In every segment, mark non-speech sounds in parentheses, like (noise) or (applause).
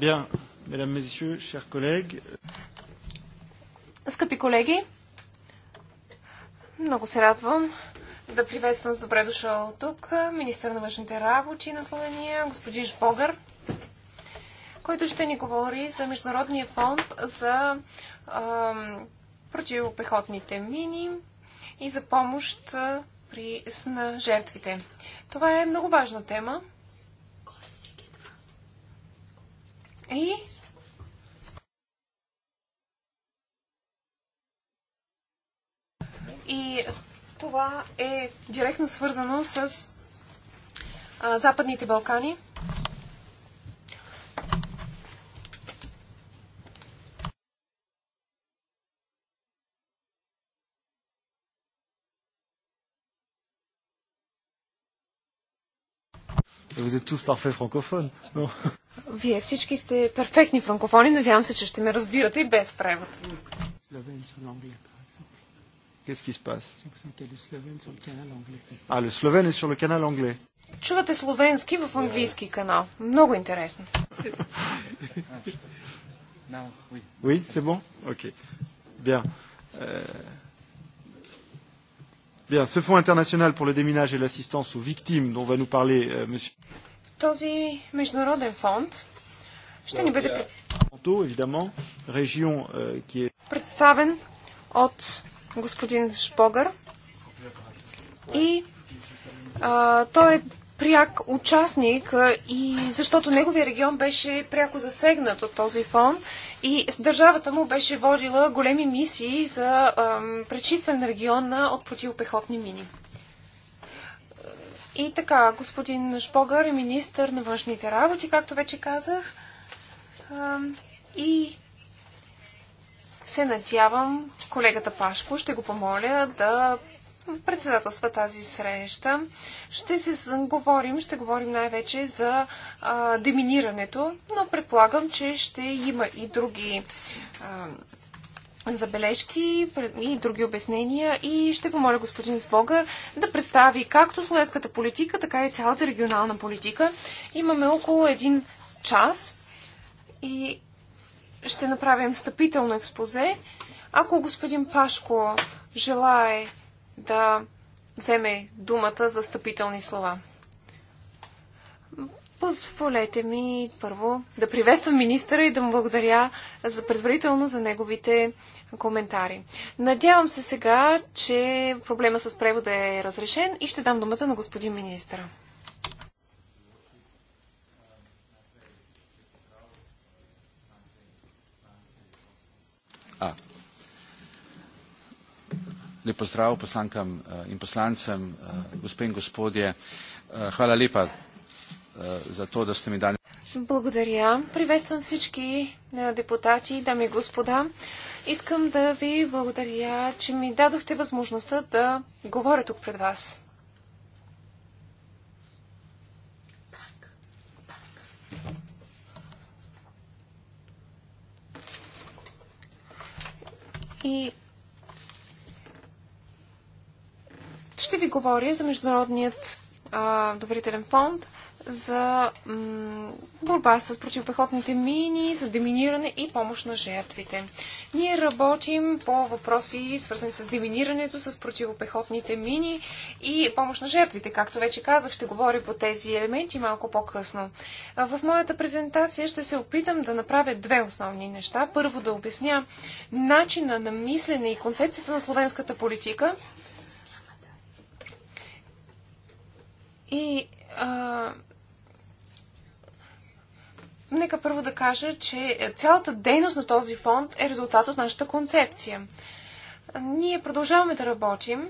Bien, mesdames, messieurs, chers collègues. Скъпи колеги, много се радвам да приветствам с добре дошъл тук министър на външните работи на Словения, господин Шпогър, който ще ни говори за Международния фонд за противопехотните мини и за помощ при, на жертвите. Това е много важна тема, И И това е директно свързано с а, Западните Балкани – Vous êtes tous parfaits francophones, non? Вие всички сте перфектни франкофони. Надявам се, че ще ме разбирате и без превод. Qu'est-ce qui se passe Ah, le slovène est sur le canal anglais. Чувате словенски в английски канал. Много интересно. (laughs) Oui, c'est bon Ok. Bien. Euh... Bien, ce Fonds international pour le déminage et l'assistance aux victimes dont va nous parler euh, monsieur. Този международен фонд ще ни бъде представен от господин Шпогър и а, той е пряк участник и защото неговия регион беше пряко засегнат от този фон и държавата му беше водила големи мисии за пречистване на региона от противопехотни мини. И така, господин Шпогър е министър на външните работи, както вече казах. И се надявам колегата Пашко, ще го помоля да председателства тази среща. Ще се говорим, ще говорим най-вече за а, деминирането, но предполагам, че ще има и други а, забележки и други обяснения и ще помоля господин Сбога да представи както словенската политика, така и цялата регионална политика. Имаме около един час и ще направим встъпително експозе. Ако господин Пашко желае да вземе думата за стъпителни слова. Позволете ми първо да приветствам министъра и да му благодаря за предварително за неговите коментари. Надявам се сега, че проблема с превода е разрешен и ще дам думата на господин министъра. Lep pozdrav poslankam eh, in poslancem, eh, gospe in gospodje. Eh, hvala lepa za to, da ste mi dali. Благодаря. Приветствам всички е, депутати, дами и господа. Искам да ви благодаря, че ми дадохте възможността да говоря тук пред вас. И Ще ви говоря за Международният а, доверителен фонд за борба с противопехотните мини, за деминиране и помощ на жертвите. Ние работим по въпроси, свързани с деминирането, с противопехотните мини и помощ на жертвите. Както вече казах, ще говоря по тези елементи малко по-късно. В моята презентация ще се опитам да направя две основни неща. Първо да обясня начина на мислене и концепцията на словенската политика – И а, нека първо да кажа, че цялата дейност на този фонд е резултат от нашата концепция. Ние продължаваме да работим.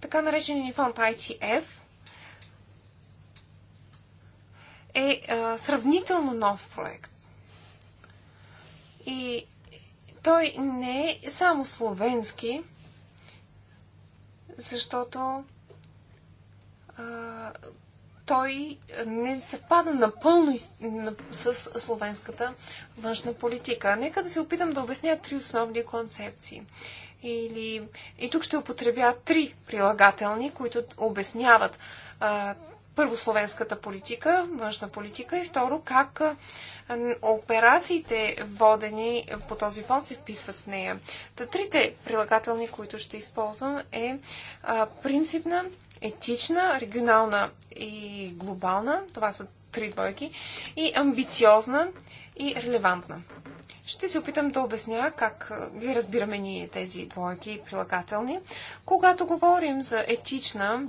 Така наречения ни фонд ITF е а, сравнително нов проект. И той не е само словенски, защото той не съвпада напълно с словенската външна политика. Нека да се опитам да обясня три основни концепции. Или, и тук ще употребя три прилагателни, които обясняват а, първо словенската политика, външна политика и второ как операциите водени по този фонд се вписват в нея. Та трите прилагателни, които ще използвам е а, принципна, етична, регионална и глобална. Това са три двойки. И амбициозна и релевантна. Ще се опитам да обясня как ги разбираме ние тези двойки прилагателни. Когато говорим за етична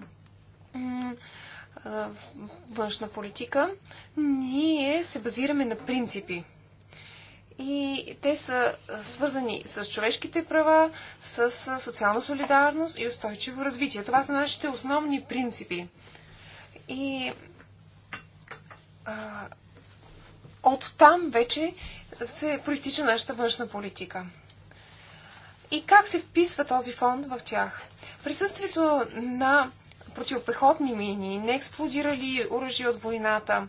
външна политика, ние се базираме на принципи и те са свързани с човешките права, с социална солидарност и устойчиво развитие. Това са нашите основни принципи. И а, от там вече се проистича нашата външна политика. И как се вписва този фонд в тях? Присъствието на противопехотни мини, неексплодирали оръжия от войната,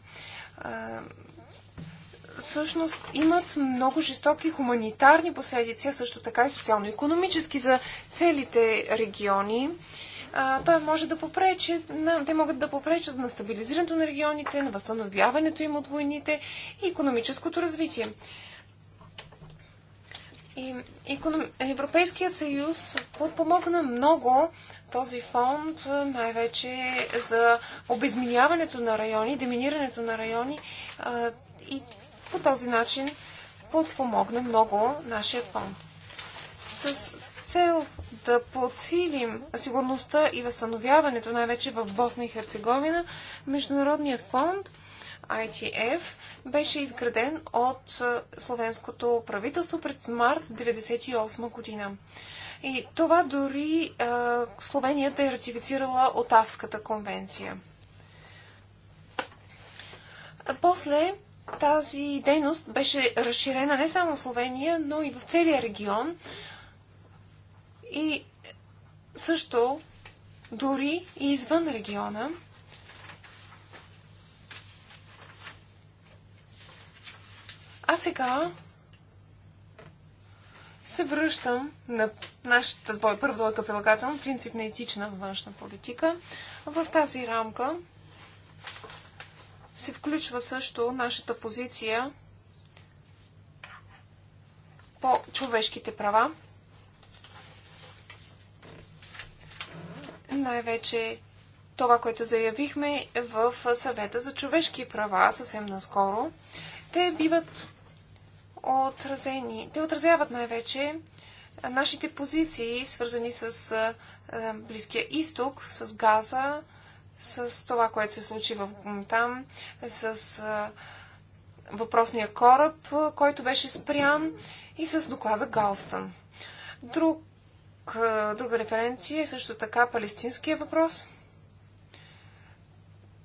всъщност имат много жестоки хуманитарни последици, а също така и социално-економически за целите региони. А, той може да попречи, на, те могат да попречат на стабилизирането на регионите, на възстановяването им от войните и економическото развитие. И, економ... Европейският съюз подпомогна много този фонд, най-вече за обезминяването на райони, деминирането на райони. А, и по този начин подпомогна много нашия фонд. С цел да подсилим сигурността и възстановяването, най-вече в Босна и Херцеговина, Международният фонд ITF беше изграден от е, словенското правителство през март 1998 година. И това дори е, е ратифицирала Отавската конвенция. После тази дейност беше разширена не само в Словения, но и в целия регион. И също дори и извън региона. А сега се връщам на нашата първа двойка прилагателна, принцип на етична външна политика. В тази рамка се включва също нашата позиция по човешките права. Най-вече това, което заявихме в съвета за човешки права съвсем наскоро. Те биват отразени. Те отразяват най-вече нашите позиции, свързани с Близкия изток, с Газа, с това, което се случи в, там, с а, въпросния кораб, който беше спрян и с доклада Галстън. Друг, а, друга референция е също така палестинския въпрос.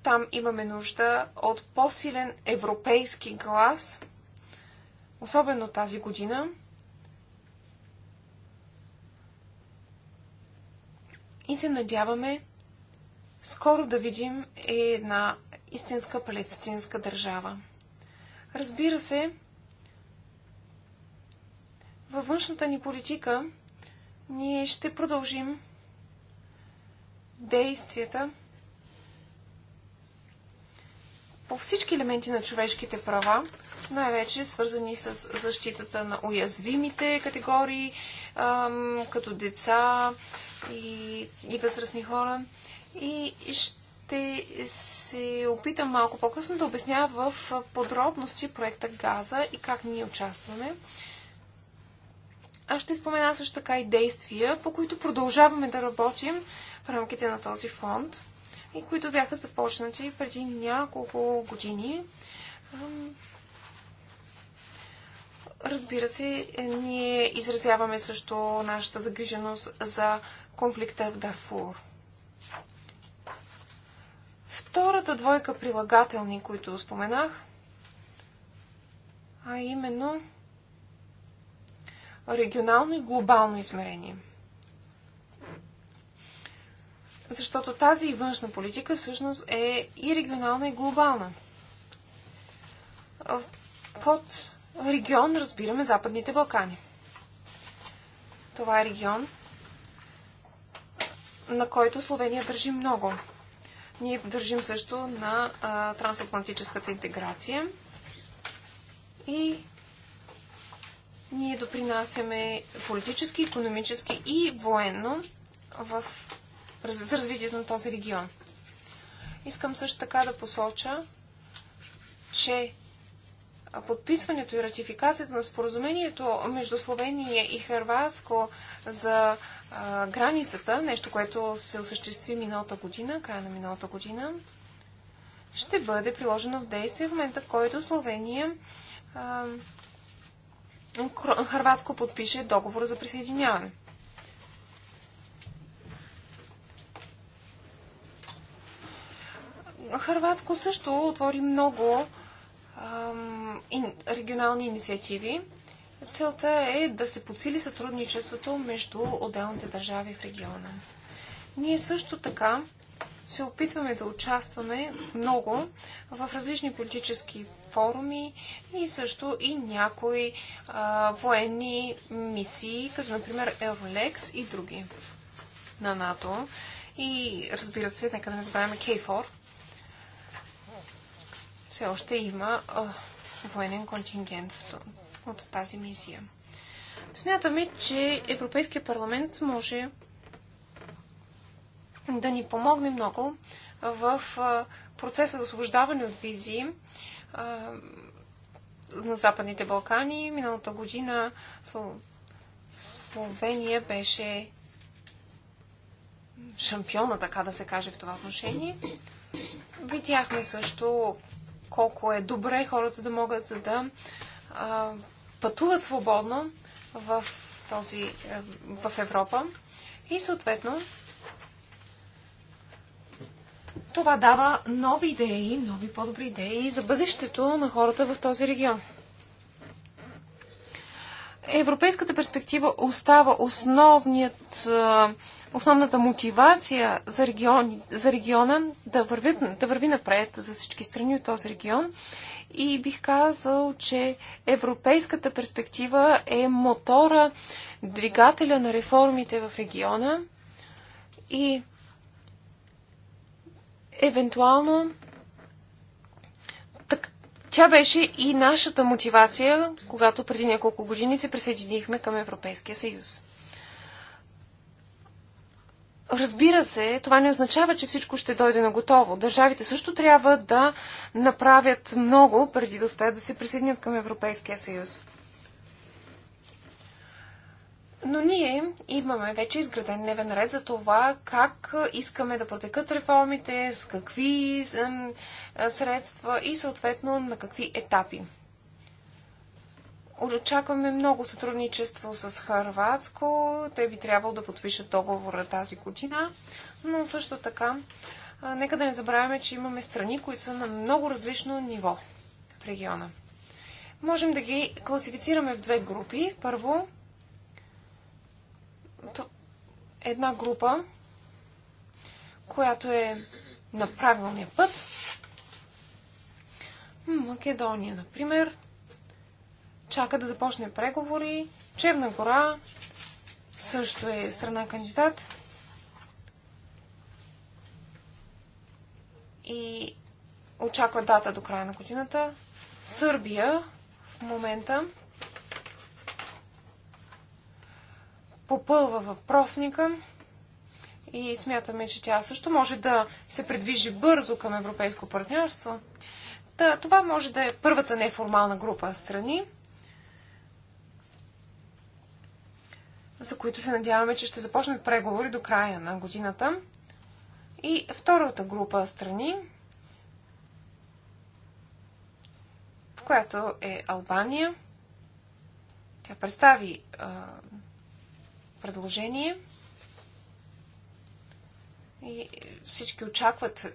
Там имаме нужда от по-силен европейски глас, особено тази година. И се надяваме, скоро да видим е една истинска палестинска държава. Разбира се, във външната ни политика ние ще продължим действията по всички елементи на човешките права, най-вече свързани с защитата на уязвимите категории, като деца и, възрастни хора и ще се опитам малко по-късно да обясня в подробности проекта Газа и как ние участваме. Аз ще спомена също така и действия, по които продължаваме да работим в рамките на този фонд и които бяха започнати преди няколко години. Разбира се, ние изразяваме също нашата загриженост за конфликта в Дарфур втората двойка прилагателни, които споменах, а именно регионално и глобално измерение. Защото тази външна политика всъщност е и регионална, и глобална. Под регион разбираме Западните Балкани. Това е регион, на който Словения държи много. Ние държим също на а, трансатлантическата интеграция и ние допринасяме политически, економически и военно в, за развитието на този регион. Искам също така да посоча, че подписването и ратификацията на споразумението между Словения и Хрватско за границата, нещо, което се осъществи миналата година, края на миналата година, ще бъде приложено в действие в момента, в който Словения а, Харватско подпише договор за присъединяване. Харватско също отвори много регионални инициативи Целта е да се подсили сътрудничеството между отделните държави в региона. Ние също така се опитваме да участваме много в различни политически форуми и също и някои а, военни мисии, като например Eurolex и други на НАТО. И разбира се, нека да не забравяме Кейфор. Все още има а, военен контингент в от тази мисия. Смятаме, че Европейския парламент може да ни помогне много в процеса за освобождаване от визи на Западните Балкани. Миналата година Словения беше шампиона, така да се каже в това отношение. Видяхме също колко е добре хората да могат да пътуват свободно в, този, е, в Европа и съответно това дава нови идеи, нови по-добри идеи за бъдещето на хората в този регион. Европейската перспектива остава основният, е, основната мотивация за, регион, за региона да, върви, да върви напред за всички страни от този регион и бих казал, че европейската перспектива е мотора, двигателя на реформите в региона и евентуално так, тя беше и нашата мотивация, когато преди няколко години се присъединихме към Европейския съюз. Разбира се, това не означава, че всичко ще дойде на готово. Държавите също трябва да направят много, преди да успеят да се присъединят към Европейския съюз. Но ние имаме вече изграден дневен ред за това как искаме да протекат реформите, с какви средства и съответно на какви етапи. Очакваме много сътрудничество с Харватско. Те би трябвало да подпишат договора тази година. Но също така, нека да не забравяме, че имаме страни, които са на много различно ниво в региона. Можем да ги класифицираме в две групи. Първо, една група, която е на правилния път. Македония, например, чака да започне преговори. Черна гора също е страна кандидат. И очаква дата до края на годината. Сърбия в момента попълва въпросника и смятаме, че тя също може да се предвижи бързо към европейско партньорство. Та, това може да е първата неформална група страни. за които се надяваме, че ще започнат преговори до края на годината. И втората група страни, в която е Албания. Тя представи а, предложение и всички очакват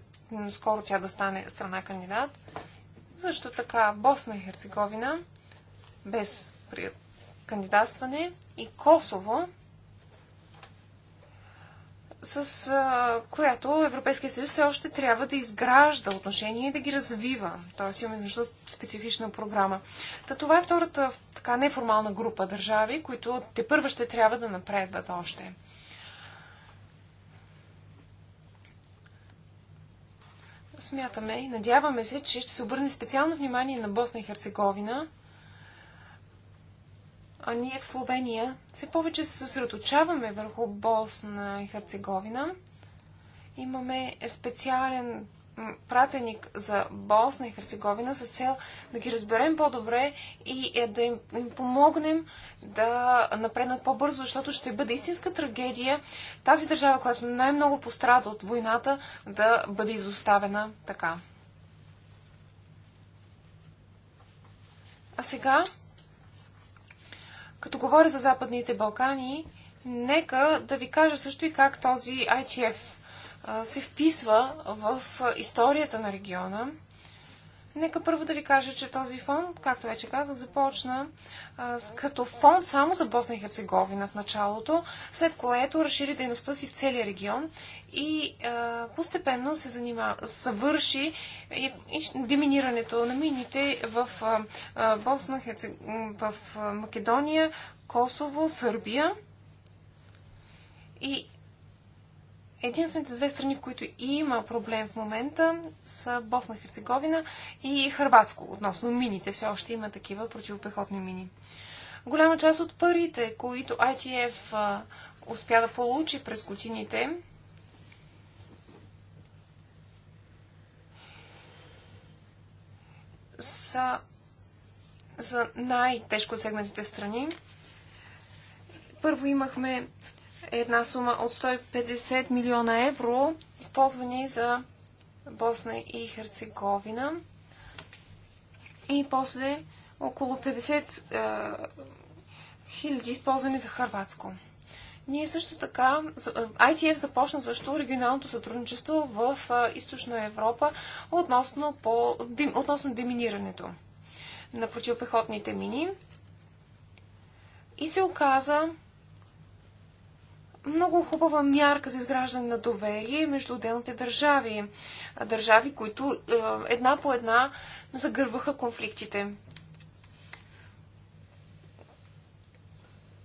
скоро тя да стане страна кандидат. Също така Босна и Херцеговина без кандидатстване и Косово, с а, която Европейския съюз все още трябва да изгражда отношения и да ги развива. Тоест имаме нужда от специфична програма. Та това е втората така неформална група държави, които те първа ще трябва да напредват още. Смятаме и надяваме се, че ще се обърне специално внимание на Босна и Херцеговина а ние в Словения все повече се съсредочаваме върху Босна и Херцеговина. Имаме специален пратеник за Босна и Херцеговина с цел да ги разберем по-добре и е, да им, им помогнем да напреднат по-бързо, защото ще бъде истинска трагедия тази държава, която най-много пострада от войната, да бъде изоставена така. А сега като говоря за Западните Балкани, нека да ви кажа също и как този ITF се вписва в историята на региона. Нека първо да ви кажа, че този фонд, както вече казах, започна като фонд само за Босна и Херцеговина в началото, след което разшири дейността си в целия регион и а, постепенно се занимава, съвърши и, и деминирането на мините в а, Босна, Хецег... в Македония, Косово, Сърбия. И единствените две страни, в които има проблем в момента, са Босна, Херцеговина и Харватско, относно мините. Все още има такива противопехотни мини. Голяма част от парите, които ITF а, успя да получи през годините, са за най-тежко сегнатите страни. Първо имахме една сума от 150 милиона евро, използвани за Босна и Херцеговина. И после около 50 е, хиляди, използвани за Харватско. Ние също така, ITF започна също регионалното сътрудничество в Източна Европа относно, по, относно деминирането на противопехотните мини. И се оказа много хубава мярка за изграждане на доверие между отделните държави. Държави, които е, една по една загърваха конфликтите.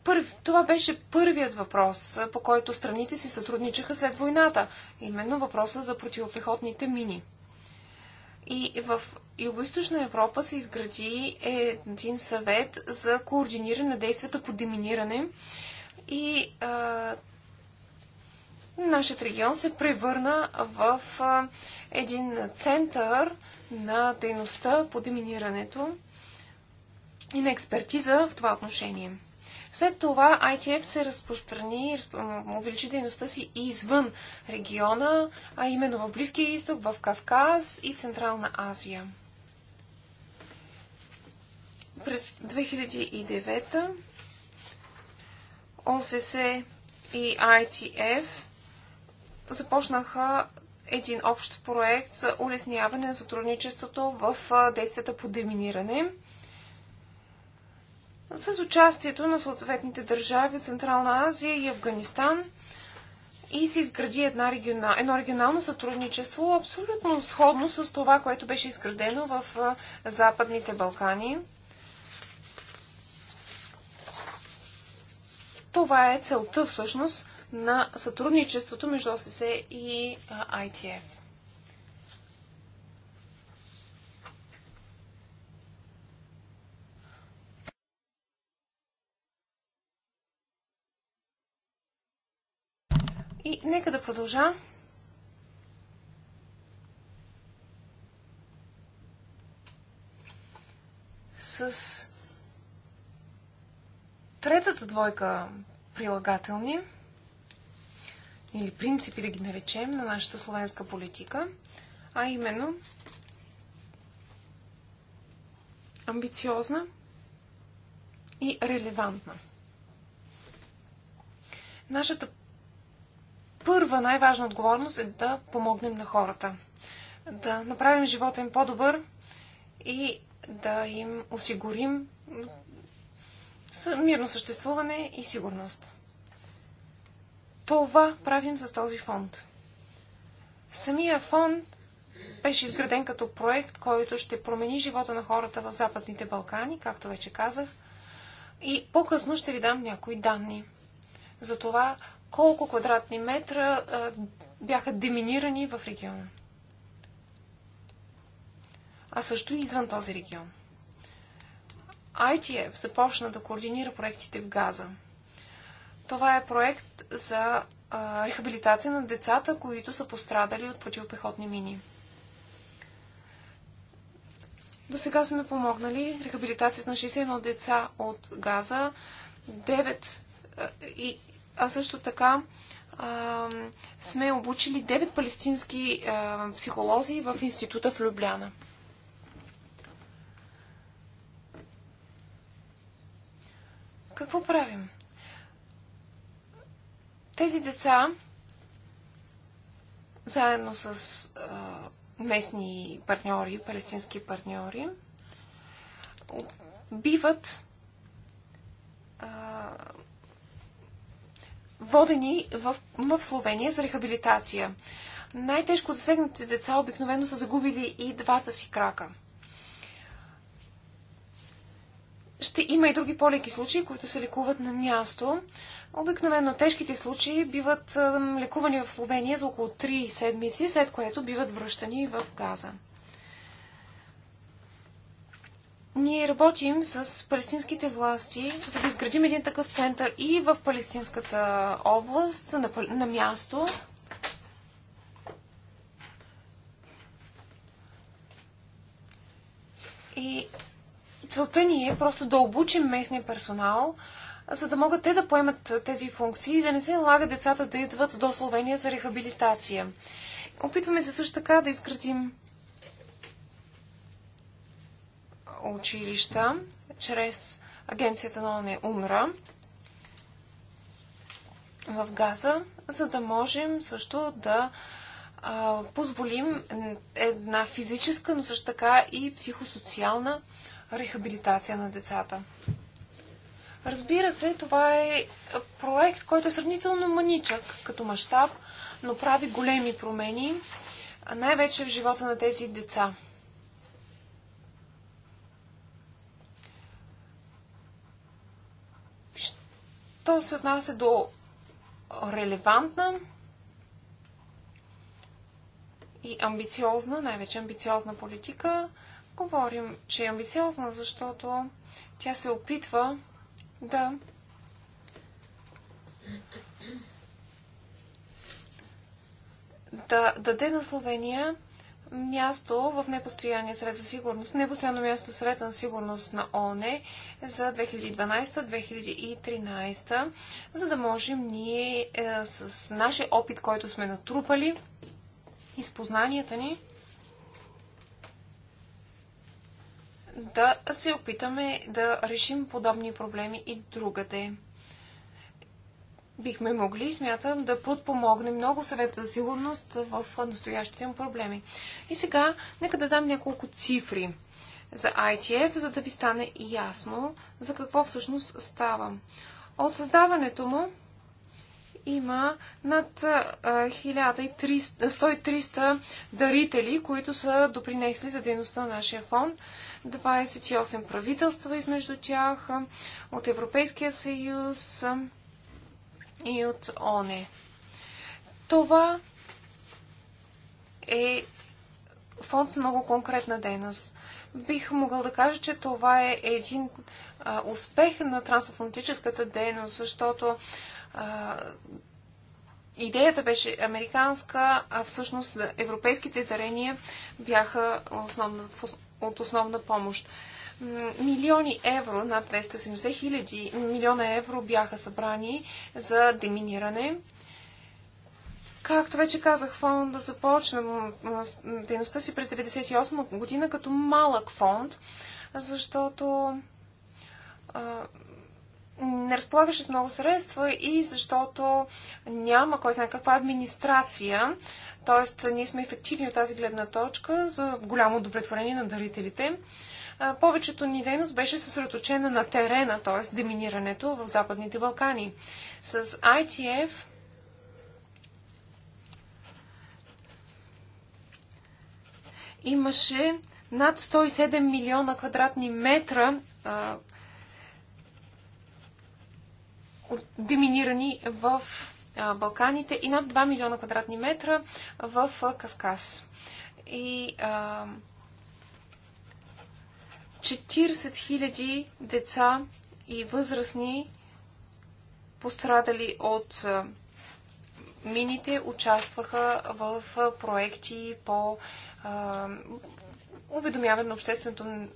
Първ, това беше първият въпрос, по който страните си сътрудничаха след войната. Именно въпроса за противопехотните мини. И в Юго-Источна Европа се изгради един съвет за координиране на действията по деминиране и а, нашият регион се превърна в а, един център на дейността по деминирането и на експертиза в това отношение. След това ITF се разпространи, увеличи дейността си и извън региона, а именно в Близкия изток, в Кавказ и Централна Азия. През 2009 ОСС и ITF започнаха един общ проект за улесняване на сътрудничеството в действията по деминиране с участието на съответните държави от Централна Азия и Афганистан и се изгради една региона, едно регионално сътрудничество, абсолютно сходно с това, което беше изградено в Западните Балкани. Това е целта всъщност на сътрудничеството между ОССЕ и ITF. И нека да продължа. С третата двойка прилагателни или принципи да ги наречем на нашата словенска политика, а именно амбициозна и релевантна. Нашата първа най-важна отговорност е да помогнем на хората. Да направим живота им по-добър и да им осигурим мирно съществуване и сигурност. Това правим с този фонд. Самия фонд беше изграден като проект, който ще промени живота на хората в Западните Балкани, както вече казах. И по-късно ще ви дам някои данни за това колко квадратни метра а, бяха деминирани в региона. А също и извън този регион. ITF започна да координира проектите в Газа. Това е проект за а, рехабилитация на децата, които са пострадали от противопехотни мини. До сега сме помогнали рехабилитацията на 61 деца от Газа, 9 и а също така а, сме обучили 9 палестински а, психолози в института в Любляна. Какво правим? Тези деца, заедно с а, местни партньори, палестински партньори, биват а, водени в, в Словения за рехабилитация. Най-тежко засегнатите деца обикновено са загубили и двата си крака. Ще има и други по-леки случаи, които се лекуват на място. Обикновено тежките случаи биват лекувани в Словения за около 3 седмици, след което биват връщани в Газа. Ние работим с палестинските власти, за да изградим един такъв център и в палестинската област, на, на място. И целта ни е просто да обучим местния персонал, за да могат те да поемат тези функции и да не се налага децата да идват до Словения за рехабилитация. Опитваме се също така да изградим училища чрез агенцията на ОНЕ УМРА в Газа, за да можем също да а, позволим една физическа, но също така и психосоциална рехабилитация на децата. Разбира се, това е проект, който е сравнително маничък като мащаб, но прави големи промени, най-вече в живота на тези деца – То се отнася до релевантна и амбициозна, най-вече амбициозна политика. Говорим, че е амбициозна, защото тя се опитва да да даде на Словения място в непостоянния съвет за сигурност, непостоянно място в съвета на сигурност на ОНЕ за 2012-2013, за да можем ние е, с нашия опит, който сме натрупали, изпознанията ни, да се опитаме да решим подобни проблеми и другаде бихме могли, смятам, да подпомогне много съвета за сигурност в настоящите им проблеми. И сега, нека да дам няколко цифри за ITF, за да ви стане ясно за какво всъщност става. От създаването му има над 1300 дарители, които са допринесли за дейността на нашия фонд. 28 правителства измежду тях от Европейския съюз, и от ОНЕ. Това е фонд с много конкретна дейност. Бих могъл да кажа, че това е един а, успех на трансатлантическата дейност, защото а, идеята беше американска, а всъщност европейските дарения бяха основна, от основна помощ милиони евро, над 280 хиляди милиона евро бяха събрани за деминиране. Както вече казах, фонда започна дейността си през 1998 година като малък фонд, защото а, не разполагаше с много средства и защото няма кой знае каква администрация. Тоест, ние сме ефективни от тази гледна точка за голямо удовлетворение на дарителите повечето ни дейност беше съсредоточена на терена, т.е. деминирането в Западните Балкани. С ITF имаше над 107 милиона квадратни метра деминирани в Балканите и над 2 милиона квадратни метра в Кавказ. И а, 40 000 деца и възрастни пострадали от мините участваха в проекти по уведомяване на общественото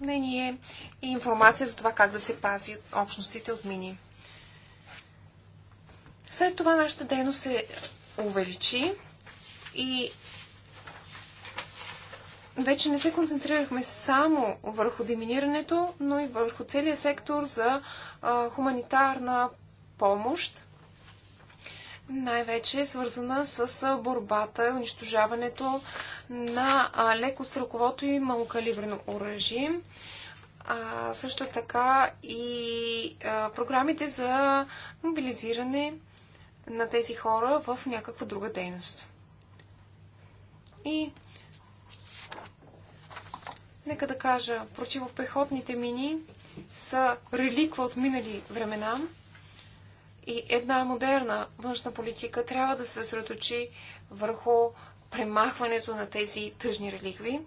мнение и информация за това как да се пази общностите от мини. След това нашата дейност се увеличи и вече не се концентрирахме само върху деминирането, но и върху целият сектор за а, хуманитарна помощ, най-вече е свързана с борбата и унищожаването на а, леко строковото и малокалибрено оръжие. А, също така и а, програмите за мобилизиране на тези хора в някаква друга дейност. И Нека да кажа, противопехотните мини са реликва от минали времена и една модерна външна политика трябва да се съсредоточи върху премахването на тези тъжни реликви.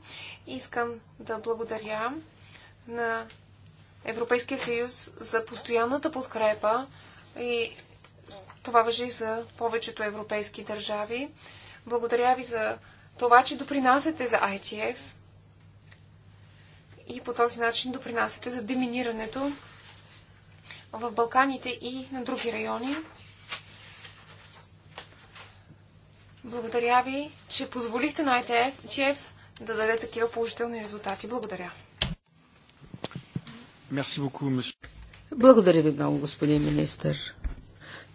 Искам да благодаря на Европейския съюз за постоянната подкрепа и това въжи за повечето европейски държави. Благодаря ви за това, че допринасяте за ITF и по този начин допринасяте за деминирането в Балканите и на други райони. Благодаря ви, че позволихте на ITF да даде такива положителни резултати. Благодаря. Благодаря ви много, господин министр.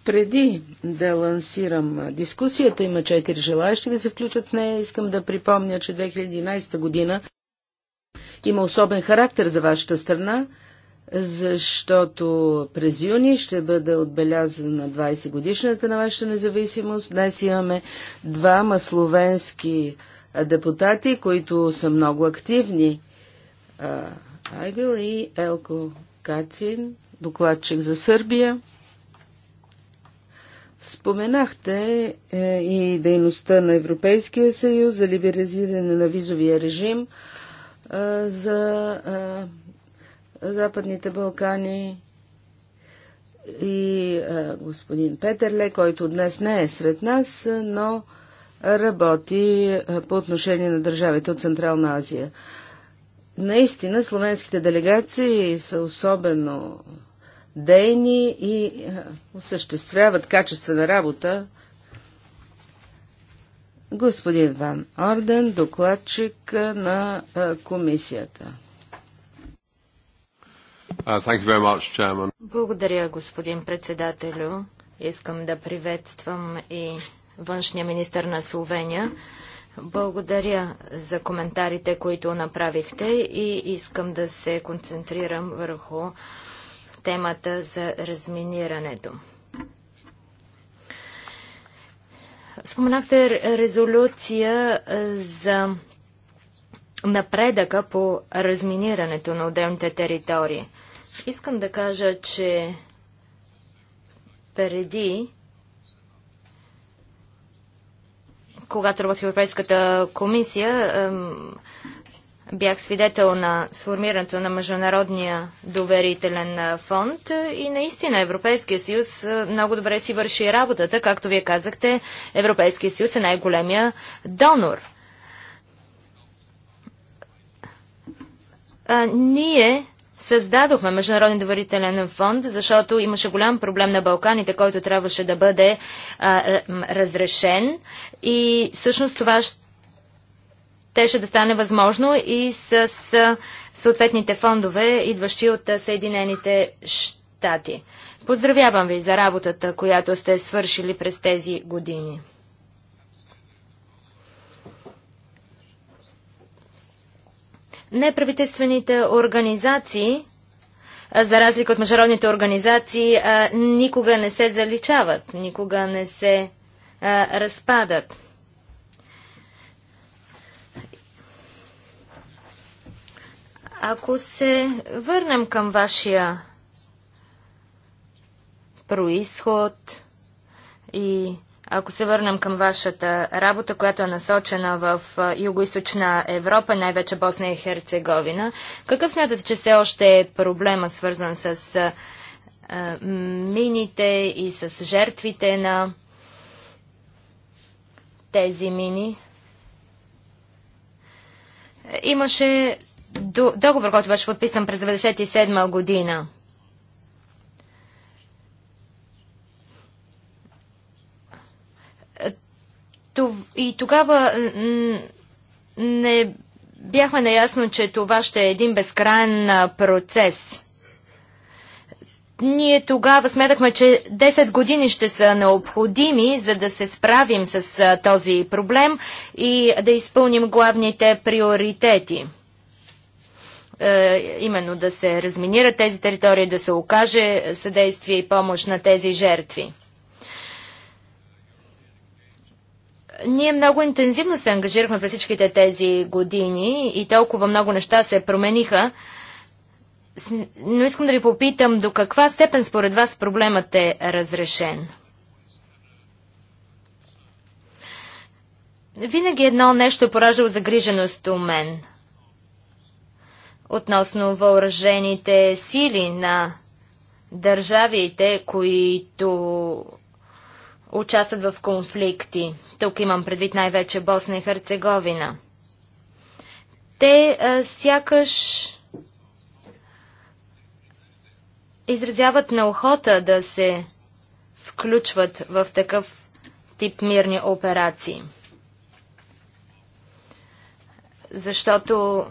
Преди да лансирам дискусията, има четири желаящи да се включат в нея. Искам да припомня, че 2011 година има особен характер за вашата страна, защото през юни ще бъде отбелязана 20 годишната на вашата независимост. Днес имаме двама словенски депутати, които са много активни. Айгъл и Елко Кацин, докладчик за Сърбия. Споменахте е, и дейността на Европейския съюз за либерализиране на визовия режим – за Западните Балкани и господин Петерле, който днес не е сред нас, но работи по отношение на държавите от Централна Азия. Наистина, словенските делегации са особено дейни и осъществяват качествена работа Господин Ван Орден, докладчик на комисията. Uh, much, Благодаря, господин председателю. Искам да приветствам и външния министр на Словения. Благодаря за коментарите, които направихте и искам да се концентрирам върху темата за разминирането. Споменахте резолюция е, за напредъка по разминирането на отделните територии. Искам да кажа, че преди, когато работих в Европейската комисия, бях свидетел на сформирането на Международния доверителен фонд и наистина Европейския съюз много добре си върши работата. Както вие казахте, Европейския съюз е най-големия донор. А, ние създадохме Международен доверителен фонд, защото имаше голям проблем на Балканите, който трябваше да бъде а, разрешен. И всъщност това ще щеше да стане възможно и с съответните фондове, идващи от Съединените щати. Поздравявам ви за работата, която сте свършили през тези години. Неправителствените организации, за разлика от международните организации, никога не се заличават, никога не се разпадат. Ако се върнем към вашия происход и ако се върнем към вашата работа, която е насочена в Юго-Источна Европа, най-вече Босна и Херцеговина, какъв смятате, че все още е проблема свързан с а, мините и с жертвите на тези мини? Имаше договор, който беше подписан през 1997 година. И тогава не бяхме наясно, че това ще е един безкрайен процес. Ние тогава сметахме, че 10 години ще са необходими, за да се справим с този проблем и да изпълним главните приоритети – е, именно да се разминират тези територии, да се окаже съдействие и помощ на тези жертви. Ние много интензивно се ангажирахме през всичките тези години и толкова много неща се промениха, но искам да ви попитам до каква степен според вас проблемът е разрешен. Винаги едно нещо е поражало загриженост у мен относно въоръжените сили на държавите, които участват в конфликти. Тук имам предвид най-вече Босна и Херцеговина. Те а, сякаш изразяват неохота да се включват в такъв тип мирни операции. Защото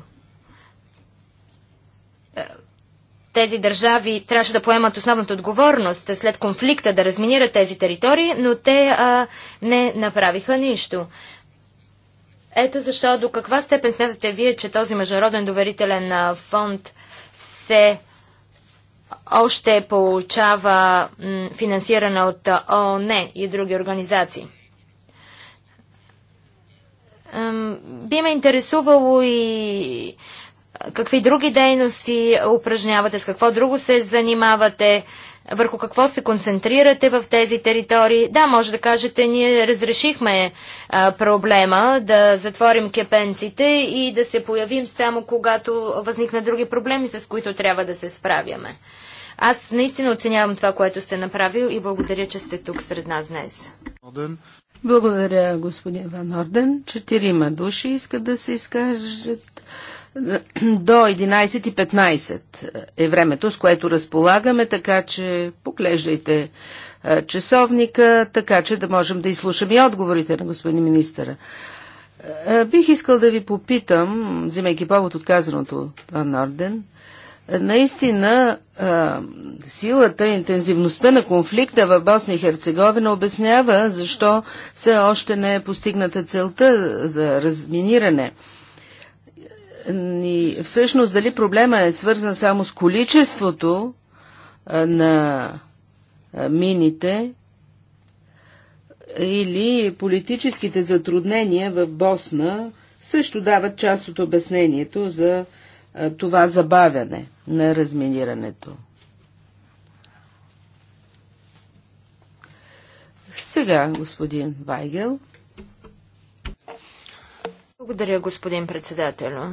тези държави трябваше да поемат основната отговорност след конфликта да разминират тези територии, но те а, не направиха нищо. Ето защо до каква степен смятате вие, че този международен доверителен фонд все още получава финансиране от ООН и други организации? Би ме интересувало и какви други дейности упражнявате, с какво друго се занимавате, върху какво се концентрирате в тези територии. Да, може да кажете, ние разрешихме а, проблема да затворим кепенците и да се появим само когато възникнат други проблеми, с които трябва да се справяме. Аз наистина оценявам това, което сте направил и благодаря, че сте тук сред нас днес. Благодаря, господин Ван Орден. Четирима души искат да се изкажат. До 11.15 е времето, с което разполагаме, така че поглеждайте е, часовника, така че да можем да изслушаме и отговорите на господин министъра. Е, е, бих искал да ви попитам, взимайки повод от казаното Ван Орден, наистина силата, интензивността на конфликта в Босния и Херцеговина обяснява защо все още не е постигната целта за разминиране. И всъщност дали проблема е свързан само с количеството на мините или политическите затруднения в Босна също дават част от обяснението за това забавяне на разминирането. Сега господин Вайгел. Благодаря, господин председател.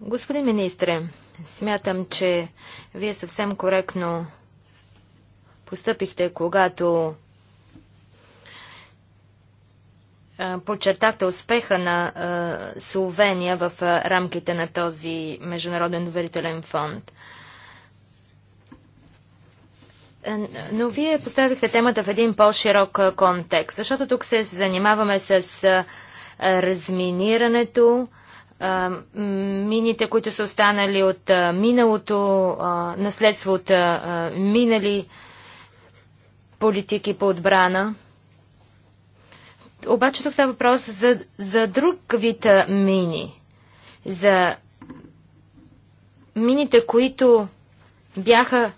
Господин министре, смятам, че вие съвсем коректно постъпихте, когато подчертахте успеха на Словения в рамките на този Международен доверителен фонд. Е, но вие поставихте темата в един по-широк контекст, защото тук се занимаваме с разминирането, мините, които са останали от миналото, наследство от минали политики по отбрана. Обаче тук става въпрос за, за друг вид мини. За мините, които бяха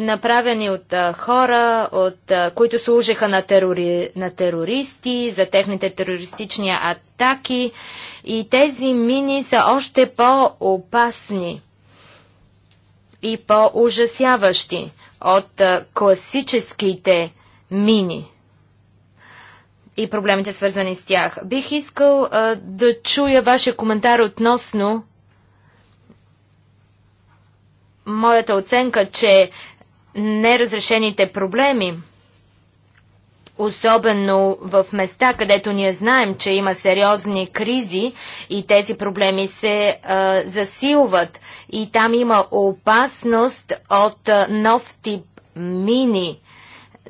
направени от а, хора, от, а, които служиха на, терори, на терористи, за техните терористични атаки. И тези мини са още по-опасни и по-ужасяващи от а, класическите мини и проблемите свързани с тях. Бих искал а, да чуя вашия коментар относно моята оценка, че неразрешените проблеми, особено в места, където ние знаем, че има сериозни кризи и тези проблеми се а, засилват. И там има опасност от а, нов тип мини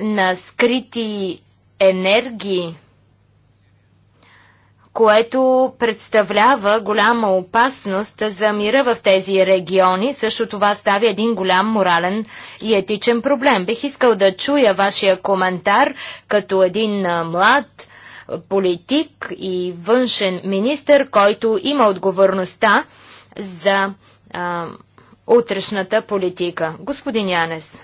на скрити енергии което представлява голяма опасност за мира в тези региони. Също това стави един голям морален и етичен проблем. Бих искал да чуя вашия коментар като един млад политик и външен министр, който има отговорността за а, утрешната политика. Господин Янес.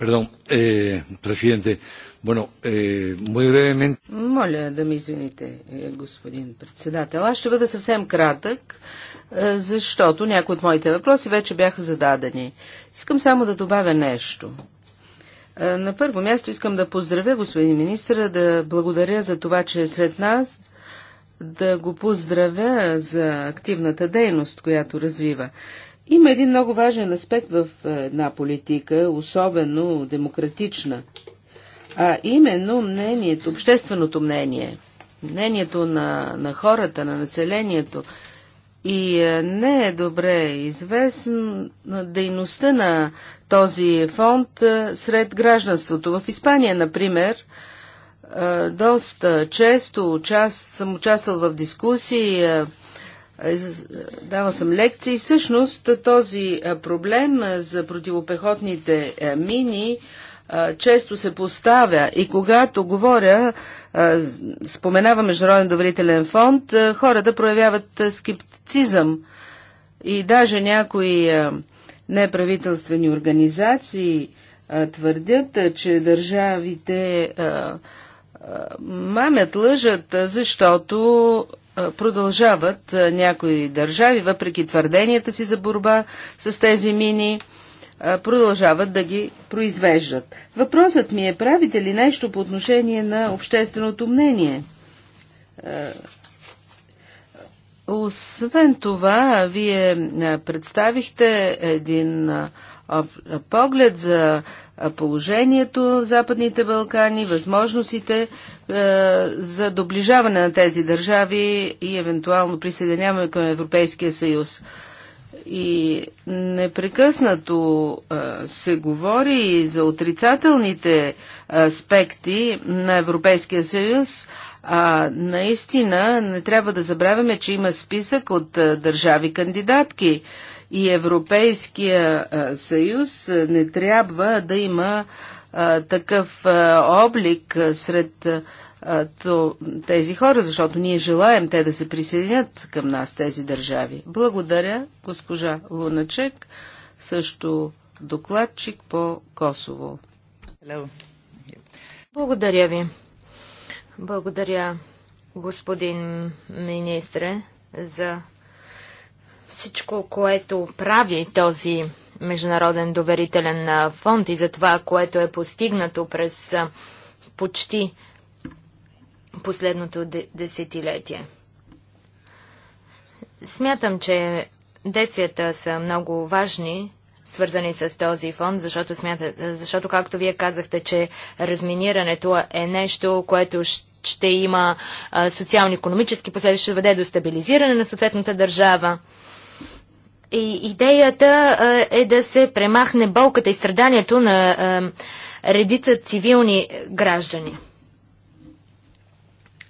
Perdón, eh, presidente. Bueno, eh, muy brevemente... Моля да ми извините, е, господин председател. Аз ще бъда съвсем кратък, е, защото някои от моите въпроси вече бяха зададени. Искам само да добавя нещо. Е, на първо място искам да поздравя господин министра, да благодаря за това, че е сред нас, да го поздравя за активната дейност, която развива. Има един много важен аспект в една политика, особено демократична – а именно мнението, общественото мнение, мнението на, на хората, на населението. И е, не е добре известна дейността на този фонд е, сред гражданството. В Испания, например, е, доста често част, съм участвал в дискусии, давал съм лекции. Всъщност този проблем за противопехотните мини често се поставя и когато говоря, споменава Международен доверителен фонд, хората проявяват скептицизъм и даже някои неправителствени организации твърдят, че държавите мамят, лъжат, защото продължават някои държави, въпреки твърденията си за борба с тези мини, продължават да ги произвеждат. Въпросът ми е, правите ли нещо по отношение на общественото мнение? Освен това, вие представихте един поглед за положението в Западните Балкани, възможностите за доближаване на тези държави и евентуално присъединяване към Европейския съюз. И непрекъснато се говори и за отрицателните аспекти на Европейския съюз, а, наистина не трябва да забравяме, че има списък от а, държави кандидатки и Европейския а, съюз не трябва да има а, такъв а, облик а, сред а, то, тези хора, защото ние желаем те да се присъединят към нас, тези държави. Благодаря, госпожа Луначек, също докладчик по Косово. Благодаря ви. Благодаря, господин министре, за всичко, което прави този Международен доверителен фонд и за това, което е постигнато през почти последното десетилетие. Смятам, че действията са много важни, свързани с този фонд, защото, смята, защото както вие казахте, че разминирането е нещо, което ще има социално-економически последствия, ще веде до стабилизиране на съответната държава. И идеята е да се премахне болката и страданието на редица цивилни граждани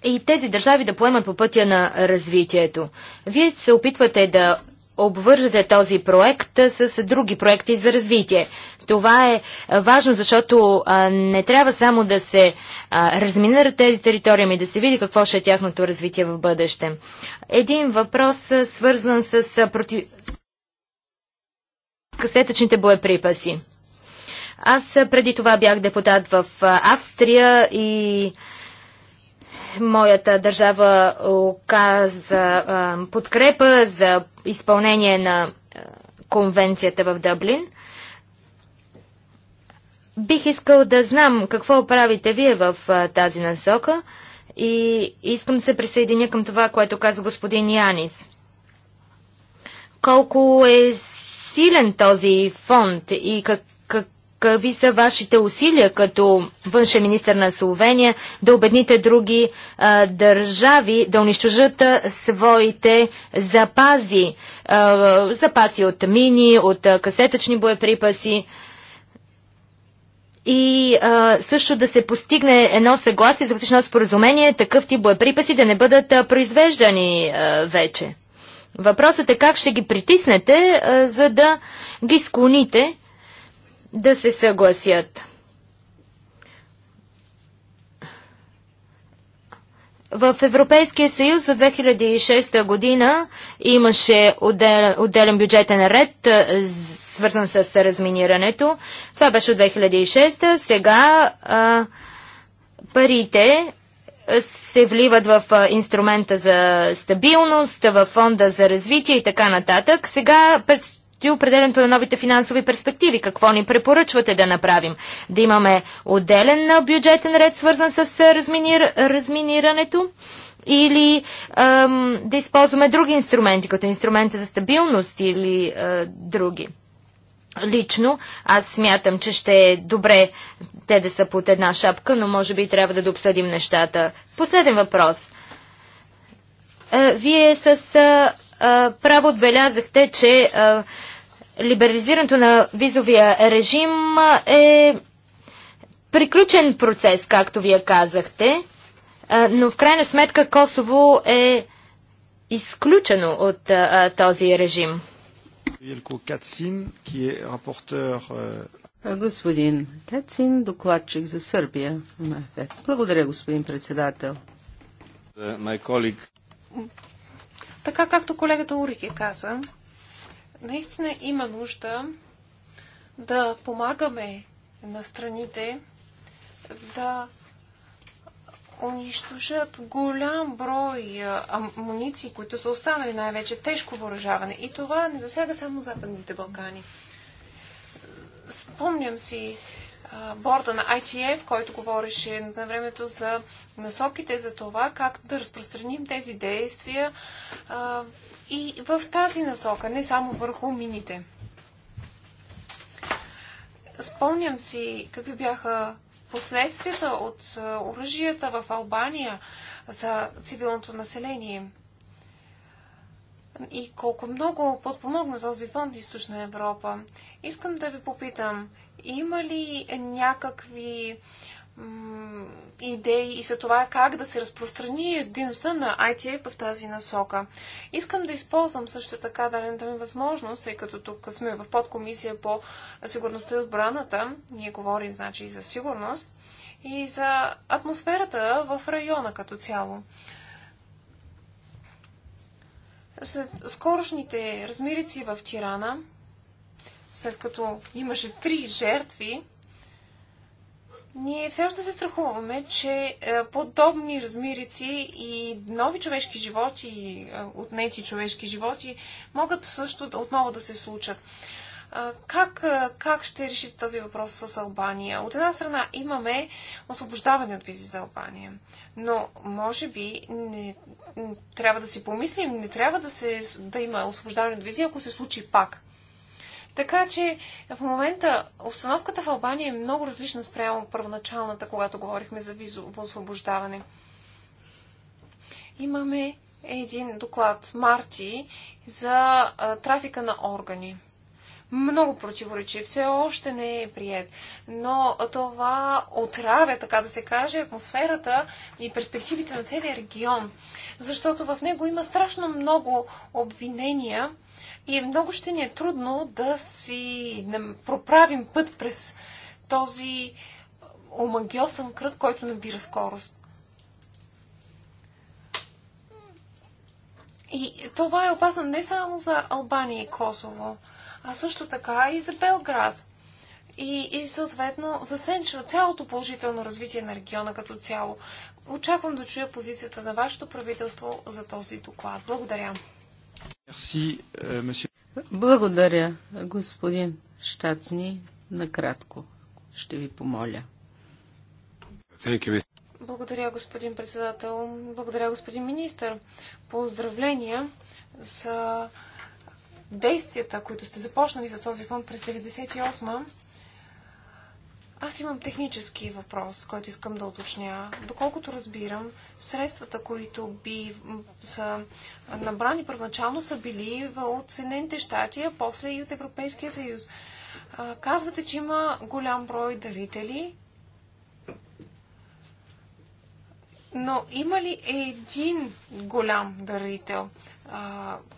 и тези държави да поемат по пътя на развитието. Вие се опитвате да обвържете този проект с други проекти за развитие. Това е важно, защото не трябва само да се разминират тези територии, ами да се види какво ще е тяхното развитие в бъдеще. Един въпрос свързан с против... касетъчните боеприпаси. Аз преди това бях депутат в Австрия и моята държава оказа подкрепа за изпълнение на конвенцията в Дъблин. Бих искал да знам какво правите вие в тази насока и искам да се присъединя към това, което каза господин Янис. Колко е силен този фонд и как, какви са вашите усилия като външен министр на Словения да обедните други а, държави да унищожат а, своите запази? А, запаси от мини, от а, касетъчни боеприпаси и а, също да се постигне едно съгласие за фактично споразумение, такъв тип боеприпаси да не бъдат а, произвеждани а, вече. Въпросът е как ще ги притиснете, а, за да ги склоните да се съгласят. В Европейския съюз за 2006 година имаше отделен бюджетен ред, свързан с разминирането. Това беше от 2006. Сега парите се вливат в инструмента за стабилност, в фонда за развитие и така нататък. Сега и определенето на новите финансови перспективи. Какво ни препоръчвате да направим? Да имаме отделен бюджетен ред, свързан с разминир... разминирането? Или ам, да използваме други инструменти, като инструменти за стабилност или а, други? Лично аз смятам, че ще е добре те да са под една шапка, но може би трябва да обсъдим нещата. Последен въпрос. А, вие с а, право отбелязахте, че а, либерализирането на визовия режим е приключен процес, както вие казахте, но в крайна сметка Косово е изключено от този режим. Е господин Кацин, докладчик за Сърбия. Благодаря, господин председател. Е, така както колегата Урики е каза, наистина има нужда да помагаме на страните да унищожат голям брой амуниции, които са останали най-вече тежко въоръжаване. И това не засяга само Западните Балкани. Спомням си борда на ITF, който говореше на времето за насоките за това как да разпространим тези действия и в тази насока, не само върху мините. Спомням си какви бяха последствията от оръжията в Албания за цивилното население и колко много подпомогна този фонд Източна Европа. Искам да ви попитам, има ли някакви идеи и за това как да се разпространи единността на ITA в тази насока. Искам да използвам също така дарената ми възможност, тъй като тук сме в подкомисия по сигурността и отбраната. Ние говорим, значи, и за сигурност и за атмосферата в района като цяло. След скорошните размерици в Тирана, след като имаше три жертви, ние все още се страхуваме, че е, подобни размерици и нови човешки животи, е, отнети човешки животи, могат също отново да се случат. Е, как, как ще решите този въпрос с Албания? От една страна имаме освобождаване от визи за Албания, но може би не, не трябва да си помислим, не трябва да, се, да има освобождаване от визи, ако се случи пак. Така че в момента обстановката в Албания е много различна спрямо първоначалната, когато говорихме за визово освобождаване. Имаме един доклад Марти за а, трафика на органи. Много противоречи, все още не е прият. Но това отравя, така да се каже, атмосферата и перспективите на целия регион. Защото в него има страшно много обвинения и много ще ни е трудно да си проправим път през този омагиосен кръг, който набира скорост. И това е опасно не само за Албания и Косово, а също така и за Белград. И, и съответно засенчва цялото положително развитие на региона като цяло. Очаквам да чуя позицията на вашето правителство за този доклад. Благодаря. Euh, Благодаря, господин Штацни. Накратко ще ви помоля. Благодаря, господин председател. Благодаря, господин министр. Поздравления за действията, които сте започнали с този фонд през 1998 аз имам технически въпрос, който искам да уточня. Доколкото разбирам, средствата, които би са набрани първоначално, са били от Съединените щати, а после и от Европейския съюз. Казвате, че има голям брой дарители, но има ли един голям дарител?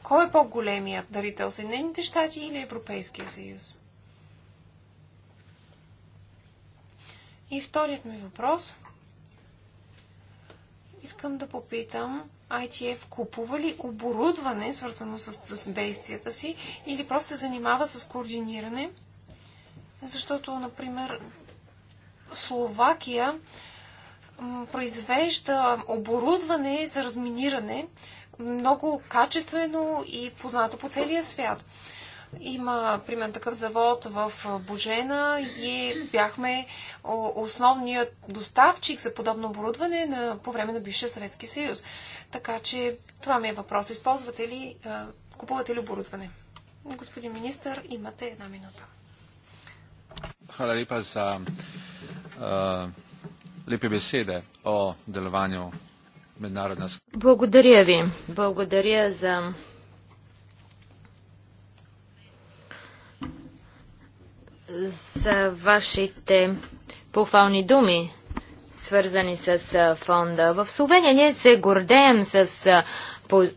Кой е по-големият дарител? Съединените щати или Европейския съюз? И вторият ми въпрос. Искам да попитам, ITF купува ли оборудване, свързано с, с действията си, или просто се занимава с координиране? Защото, например, Словакия произвежда оборудване за разминиране, много качествено и познато по целия свят. Има, примерно, такъв завод в Божена и бяхме основният доставчик за подобно оборудване на, по време на бившия Съветски съюз. Така че това ми е въпрос. Използвате ли, купувате ли оборудване? Господин министър, имате една минута. Hvala lepa za uh, lepe besede o delovanju Благодаря ви. Благодаря за за вашите похвални думи, свързани с фонда. В Словения ние се гордеем с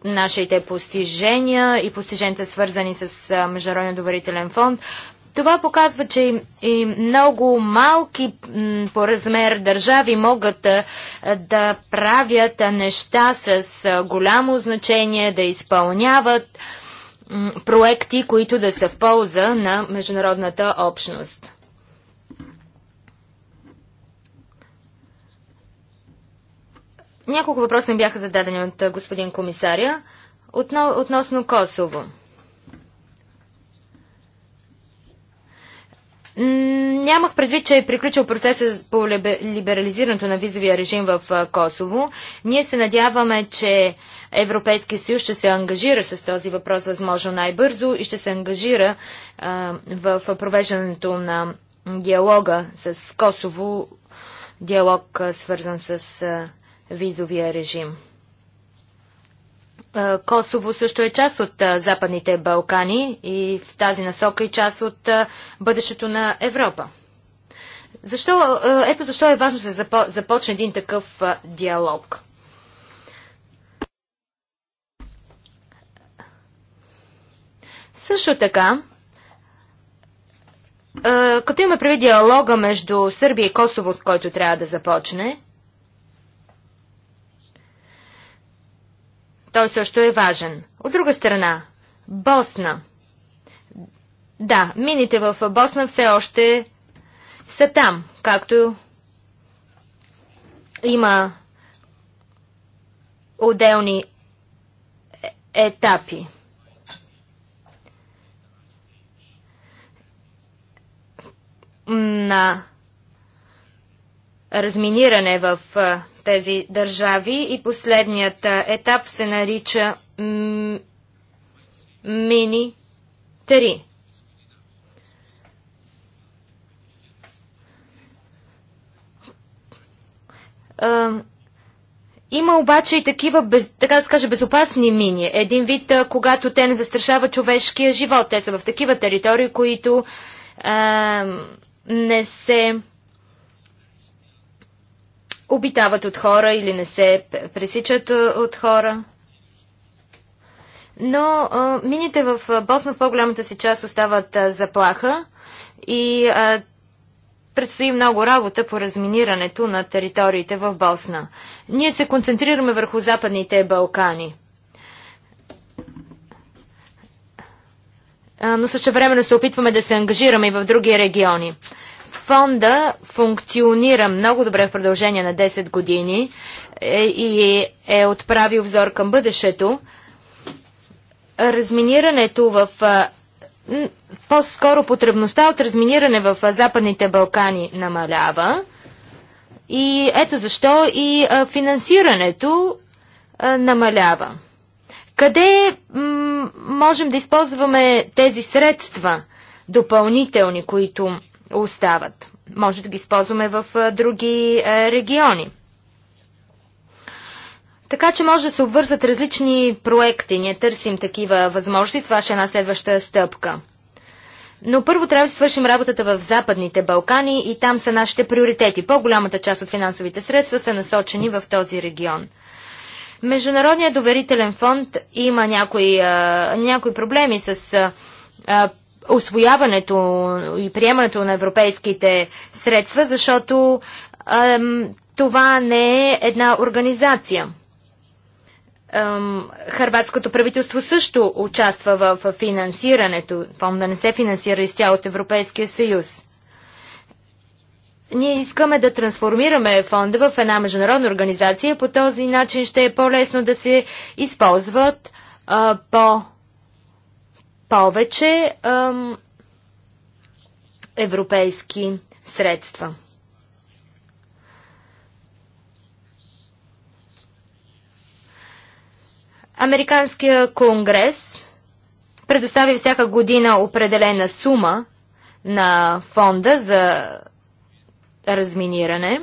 нашите постижения и постиженията свързани с Международния доверителен фонд. Това показва, че и, и много малки по размер държави могат да правят неща с голямо значение, да изпълняват проекти, които да са в полза на международната общност. Няколко въпроса ми бяха зададени от господин комисаря относно Косово. Нямах предвид, че е приключил процесът по либерализирането на визовия режим в Косово. Ние се надяваме, че Европейския съюз ще се ангажира с този въпрос възможно най-бързо и ще се ангажира в провеждането на диалога с Косово, диалог свързан с визовия режим. Косово също е част от Западните Балкани и в тази насока и е част от бъдещето на Европа. Защо, ето защо е важно да започне един такъв диалог. Също така, като имаме прави диалога между Сърбия и Косово, от който трябва да започне, Той също е важен. От друга страна, Босна. Да, мините в Босна все още са там, както има отделни етапи. На разминиране в тези държави и последният етап се нарича мини 3. Има обаче и такива, без, така да скажа, безопасни мини. Един вид, когато те не застрашават човешкия живот. Те са в такива територии, които а, не се обитават от хора или не се пресичат от хора. Но а, мините в Босна в по-голямата си част остават а, заплаха и а, предстои много работа по разминирането на териториите в Босна. Ние се концентрираме върху Западните Балкани. А, но също времено се опитваме да се ангажираме и в други региони. Фонда функционира много добре в продължение на 10 години е, и е отправил взор към бъдещето. Разминирането в по-скоро потребността от разминиране в Западните Балкани намалява. И ето защо и финансирането намалява. Къде можем да използваме тези средства допълнителни, които остават. Може да ги използваме в други региони. Така че може да се обвързат различни проекти. Ние търсим такива възможности. Това ще е една следваща стъпка. Но първо трябва да свършим работата в Западните Балкани и там са нашите приоритети. По-голямата част от финансовите средства са насочени в този регион. Международният доверителен фонд има някои, а, някои проблеми с а, освояването и приемането на европейските средства, защото ем, това не е една организация. Ем, Харватското правителство също участва в, финансирането. Фонда не се финансира изцяло от Европейския съюз. Ние искаме да трансформираме фонда в една международна организация. По този начин ще е по-лесно да се използват а, по- повече ам, европейски средства. Американския конгрес предостави всяка година определена сума на фонда за разминиране.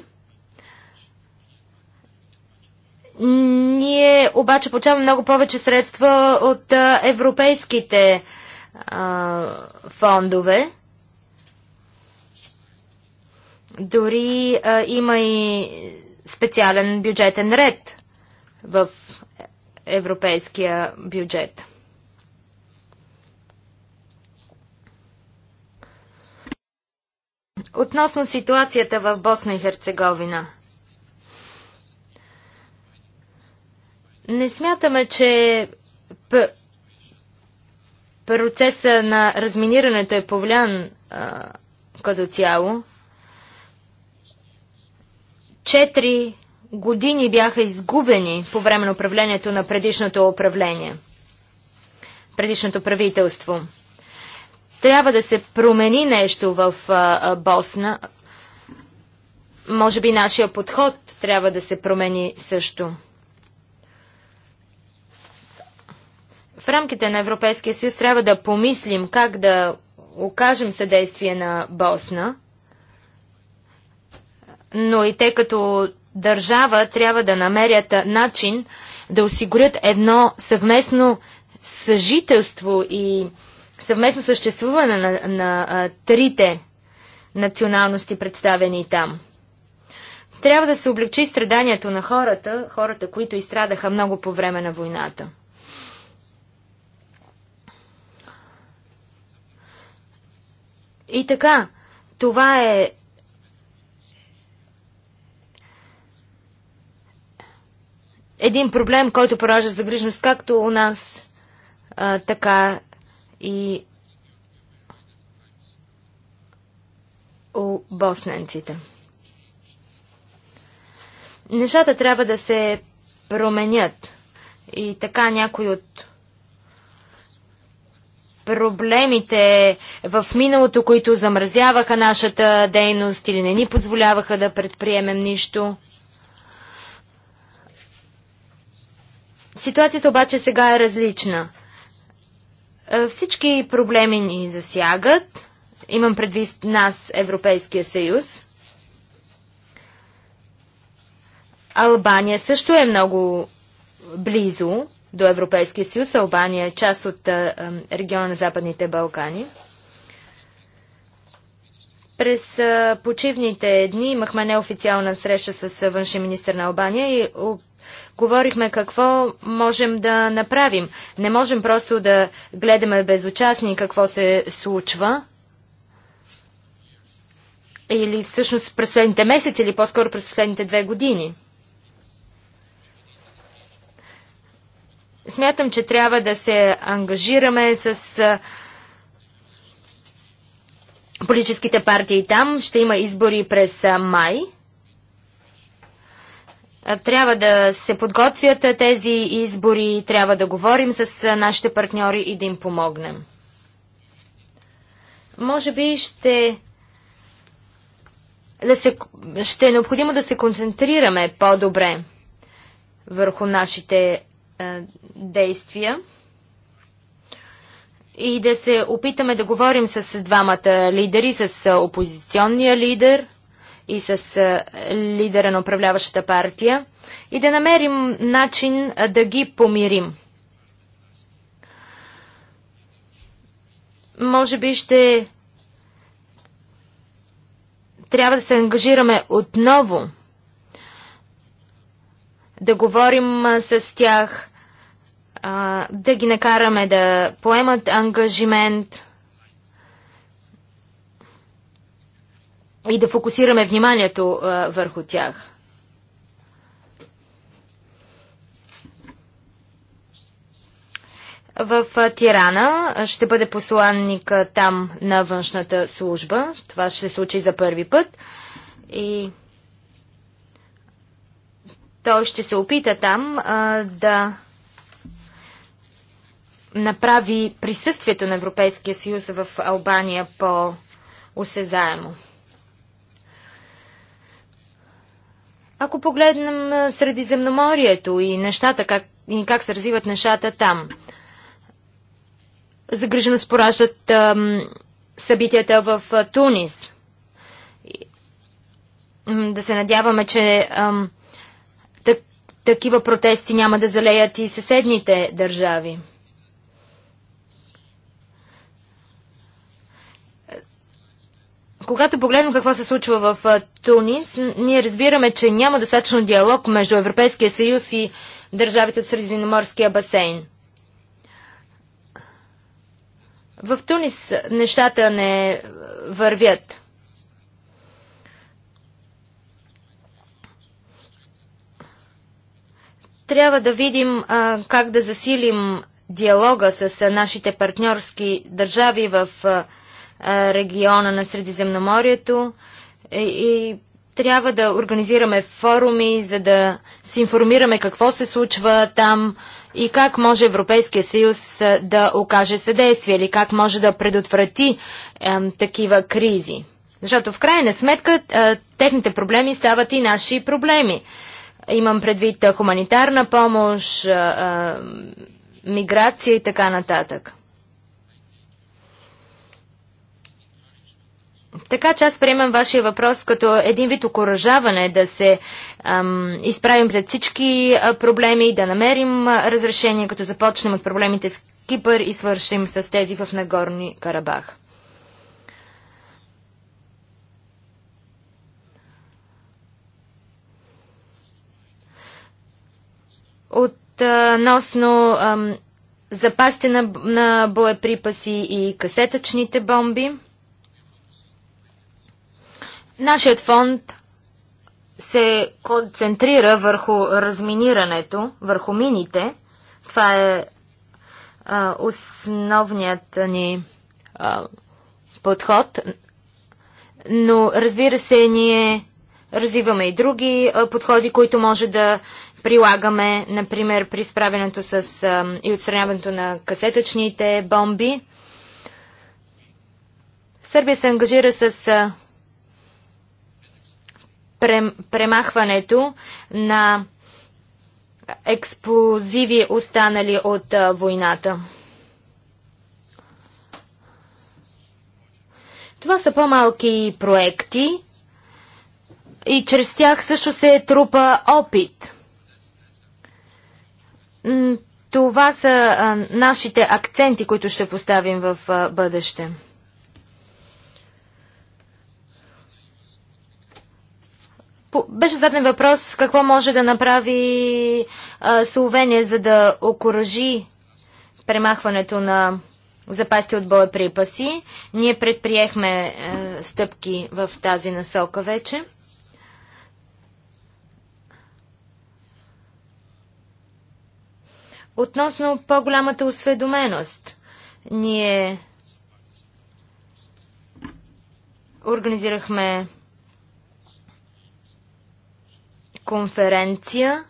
Ние обаче получаваме много повече средства от европейските а, фондове. Дори а, има и специален бюджетен ред в европейския бюджет. Относно ситуацията в Босна и Херцеговина. Не смятаме, че Процеса на разминирането е повлян като цяло. Четири години бяха изгубени по време на управлението на предишното управление, предишното правителство. Трябва да се промени нещо в Босна. Може би нашия подход трябва да се промени също. в рамките на Европейския съюз трябва да помислим как да окажем съдействие на Босна, но и те като държава трябва да намерят начин да осигурят едно съвместно съжителство и съвместно съществуване на, на, на трите националности, представени там. Трябва да се облегчи страданието на хората, хората, които изстрадаха много по време на войната. И така, това е един проблем, който поражда загрижност както у нас, а, така и у босненците. Нещата трябва да се променят и така някои от проблемите в миналото, които замразяваха нашата дейност или не ни позволяваха да предприемем нищо. Ситуацията обаче сега е различна. Е, всички проблеми ни засягат. Имам предвид нас, Европейския съюз. Албания също е много близо до Европейския съюз. Албания е част от региона на Западните Балкани. През почивните дни имахме неофициална среща с външен министр на Албания и говорихме какво можем да направим. Не можем просто да гледаме безучастни какво се случва. Или всъщност през последните месеци, или по-скоро през последните две години – Смятам, че трябва да се ангажираме с политическите партии там. Ще има избори през май. Трябва да се подготвят тези избори, трябва да говорим с нашите партньори и да им помогнем. Може би ще, да се, ще е необходимо да се концентрираме по-добре върху нашите е, действия и да се опитаме да говорим с двамата лидери, с е, опозиционния лидер и с е, лидера на управляващата партия и да намерим начин да ги помирим. Може би ще трябва да се ангажираме отново да говорим с тях, да ги накараме да поемат ангажимент и да фокусираме вниманието върху тях. В Тирана ще бъде посланник там на външната служба. Това ще се случи за първи път. И той ще се опита там а, да направи присъствието на Европейския съюз в Албания по-осезаемо. Ако погледнем Средиземноморието и нещата, как, и как се развиват нещата там, загриженост пораждат ам, събитията в а, Тунис. И, м, да се надяваме, че ам, такива протести няма да залеят и съседните държави. Когато погледнем какво се случва в Тунис, ние разбираме, че няма достатъчно диалог между Европейския съюз и държавите от Средиземноморския басейн. В Тунис нещата не вървят. Трябва да видим а, как да засилим диалога с а, нашите партньорски държави в а, региона на Средиземноморието и, и трябва да организираме форуми, за да се информираме какво се случва там и как може Европейския съюз да окаже съдействие или как може да предотврати а, такива кризи. Защото в крайна сметка а, техните проблеми стават и наши проблеми. Имам предвид хуманитарна помощ, миграция и така нататък. Така че аз приемам вашия въпрос като един вид окоръжаване да се ам, изправим пред всички проблеми и да намерим разрешение, като започнем от проблемите с Кипър и свършим с тези в Нагорни Карабах. относно ам, запасите на, на боеприпаси и касетъчните бомби. Нашият фонд се концентрира върху разминирането, върху мините. Това е а, основният ни а, подход. Но, разбира се, ние развиваме и други а, подходи, които може да прилагаме, например, при справянето с а, и отстраняването на касетъчните бомби. Сърбия се ангажира с а, премахването на експлозиви, останали от а, войната. Това са по-малки проекти и чрез тях също се е трупа опит. Това са а, нашите акценти, които ще поставим в а, бъдеще. По, беше заден въпрос какво може да направи а, Словения, за да окоръжи премахването на запасите от боеприпаси. Ние предприехме а, е, стъпки в тази насока вече. Относно по-голямата осведоменост, ние организирахме конференция.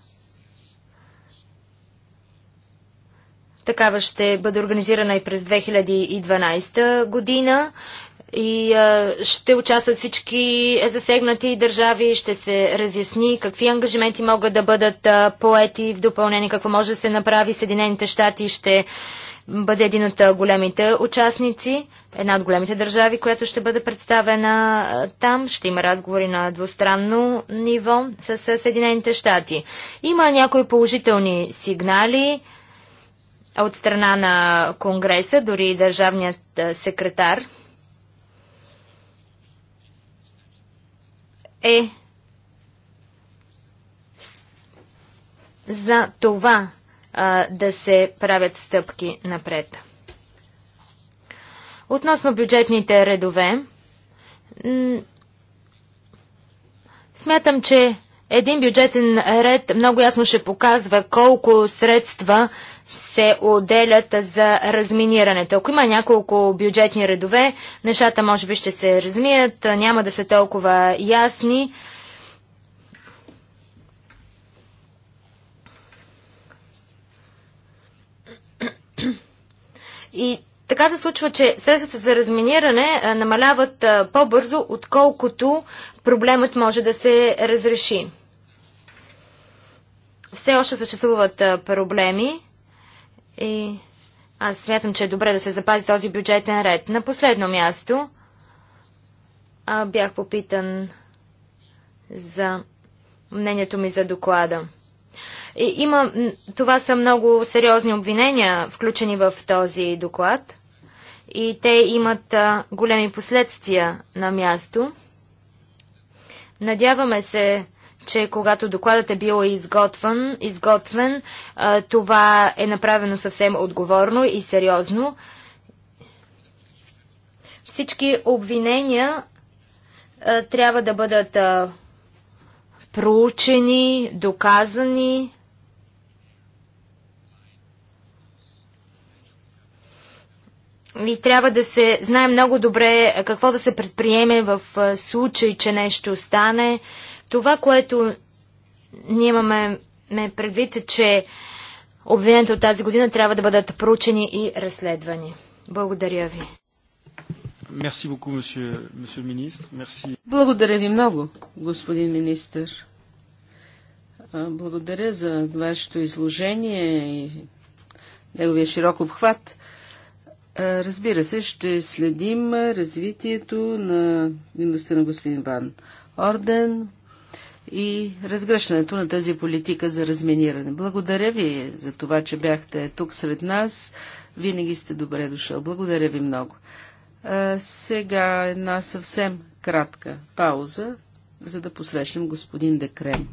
Такава ще бъде организирана и през 2012 година и а, ще участват всички засегнати държави, ще се разясни какви ангажименти могат да бъдат а, поети в допълнение, какво може да се направи. Съединените щати ще бъде един от големите участници, една от големите държави, която ще бъде представена а, там. Ще има разговори на двустранно ниво с Съединените щати. Има някои положителни сигнали от страна на Конгреса, дори и държавният секретар е за това а, да се правят стъпки напред. Относно бюджетните редове, смятам, че един бюджетен ред много ясно ще показва колко средства се отделят за разминирането. Ако има няколко бюджетни редове, нещата може би ще се размият, няма да са толкова ясни. И така се случва, че средствата за разминиране намаляват по-бързо, отколкото проблемът може да се разреши. Все още съществуват проблеми. И аз смятам, че е добре да се запази този бюджетен ред. На последно място а, бях попитан за мнението ми за доклада. И има, това са много сериозни обвинения, включени в този доклад. И те имат а, големи последствия на място. Надяваме се че когато докладът е бил изготвен, изготвен това е направено съвсем отговорно и сериозно. Всички обвинения трябва да бъдат проучени, доказани. И трябва да се знае много добре какво да се предприеме в случай, че нещо стане. Това, което ние имаме ме предвид, е, че обвинението от тази година трябва да бъдат проучени и разследвани. Благодаря ви. Merci beaucoup, monsieur, monsieur ministre. Merci. Благодаря ви много, господин министр. Благодаря за вашето изложение и неговия широк обхват. Разбира се, ще следим развитието на дейността на господин Ван Орден и разгръщането на тази политика за разминиране. Благодаря ви за това, че бяхте тук сред нас. Винаги сте добре дошъл. Благодаря ви много. А, сега една съвсем кратка пауза, за да посрещнем господин Декрем.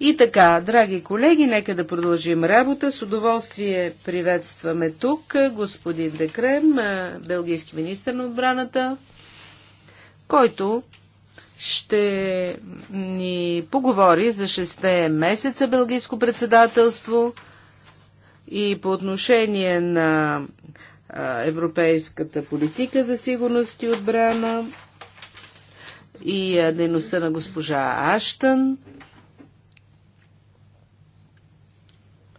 И така, драги колеги, нека да продължим работа. С удоволствие приветстваме тук господин Декрем, белгийски министр на отбраната, който ще ни поговори за 6 месеца белгийско председателство и по отношение на европейската политика за сигурност и отбрана и е, дейността на госпожа Аштън.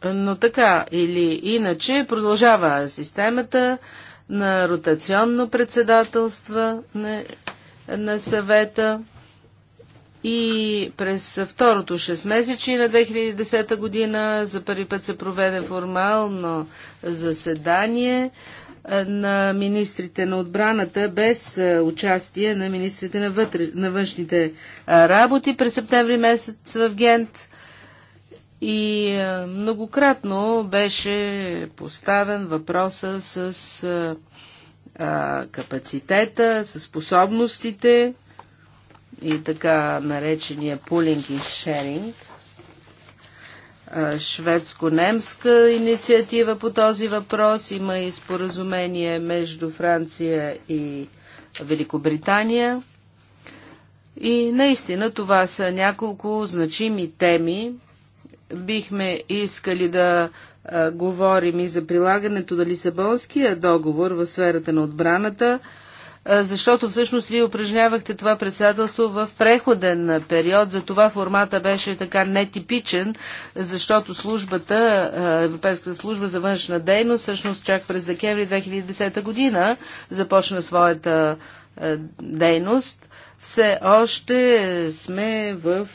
Но така или иначе продължава системата на ротационно председателство на, на съвета и през второто 6 месечи на 2010 година за първи път се проведе формално заседание на министрите на отбраната без е, участие на министрите на, вътре, на външните е, работи през септември месец в Гент. И е, многократно беше поставен въпроса с капацитета, с способностите и така наречения пулинг и шеринг – шведско-немска инициатива по този въпрос. Има и споразумение между Франция и Великобритания. И наистина това са няколко значими теми. Бихме искали да а, говорим и за прилагането на Лисабонския договор в сферата на отбраната защото всъщност вие упражнявахте това председателство в преходен период, за това формата беше така нетипичен, защото службата, Европейската служба за външна дейност, всъщност чак през декември 2010 година започна своята дейност. Все още сме в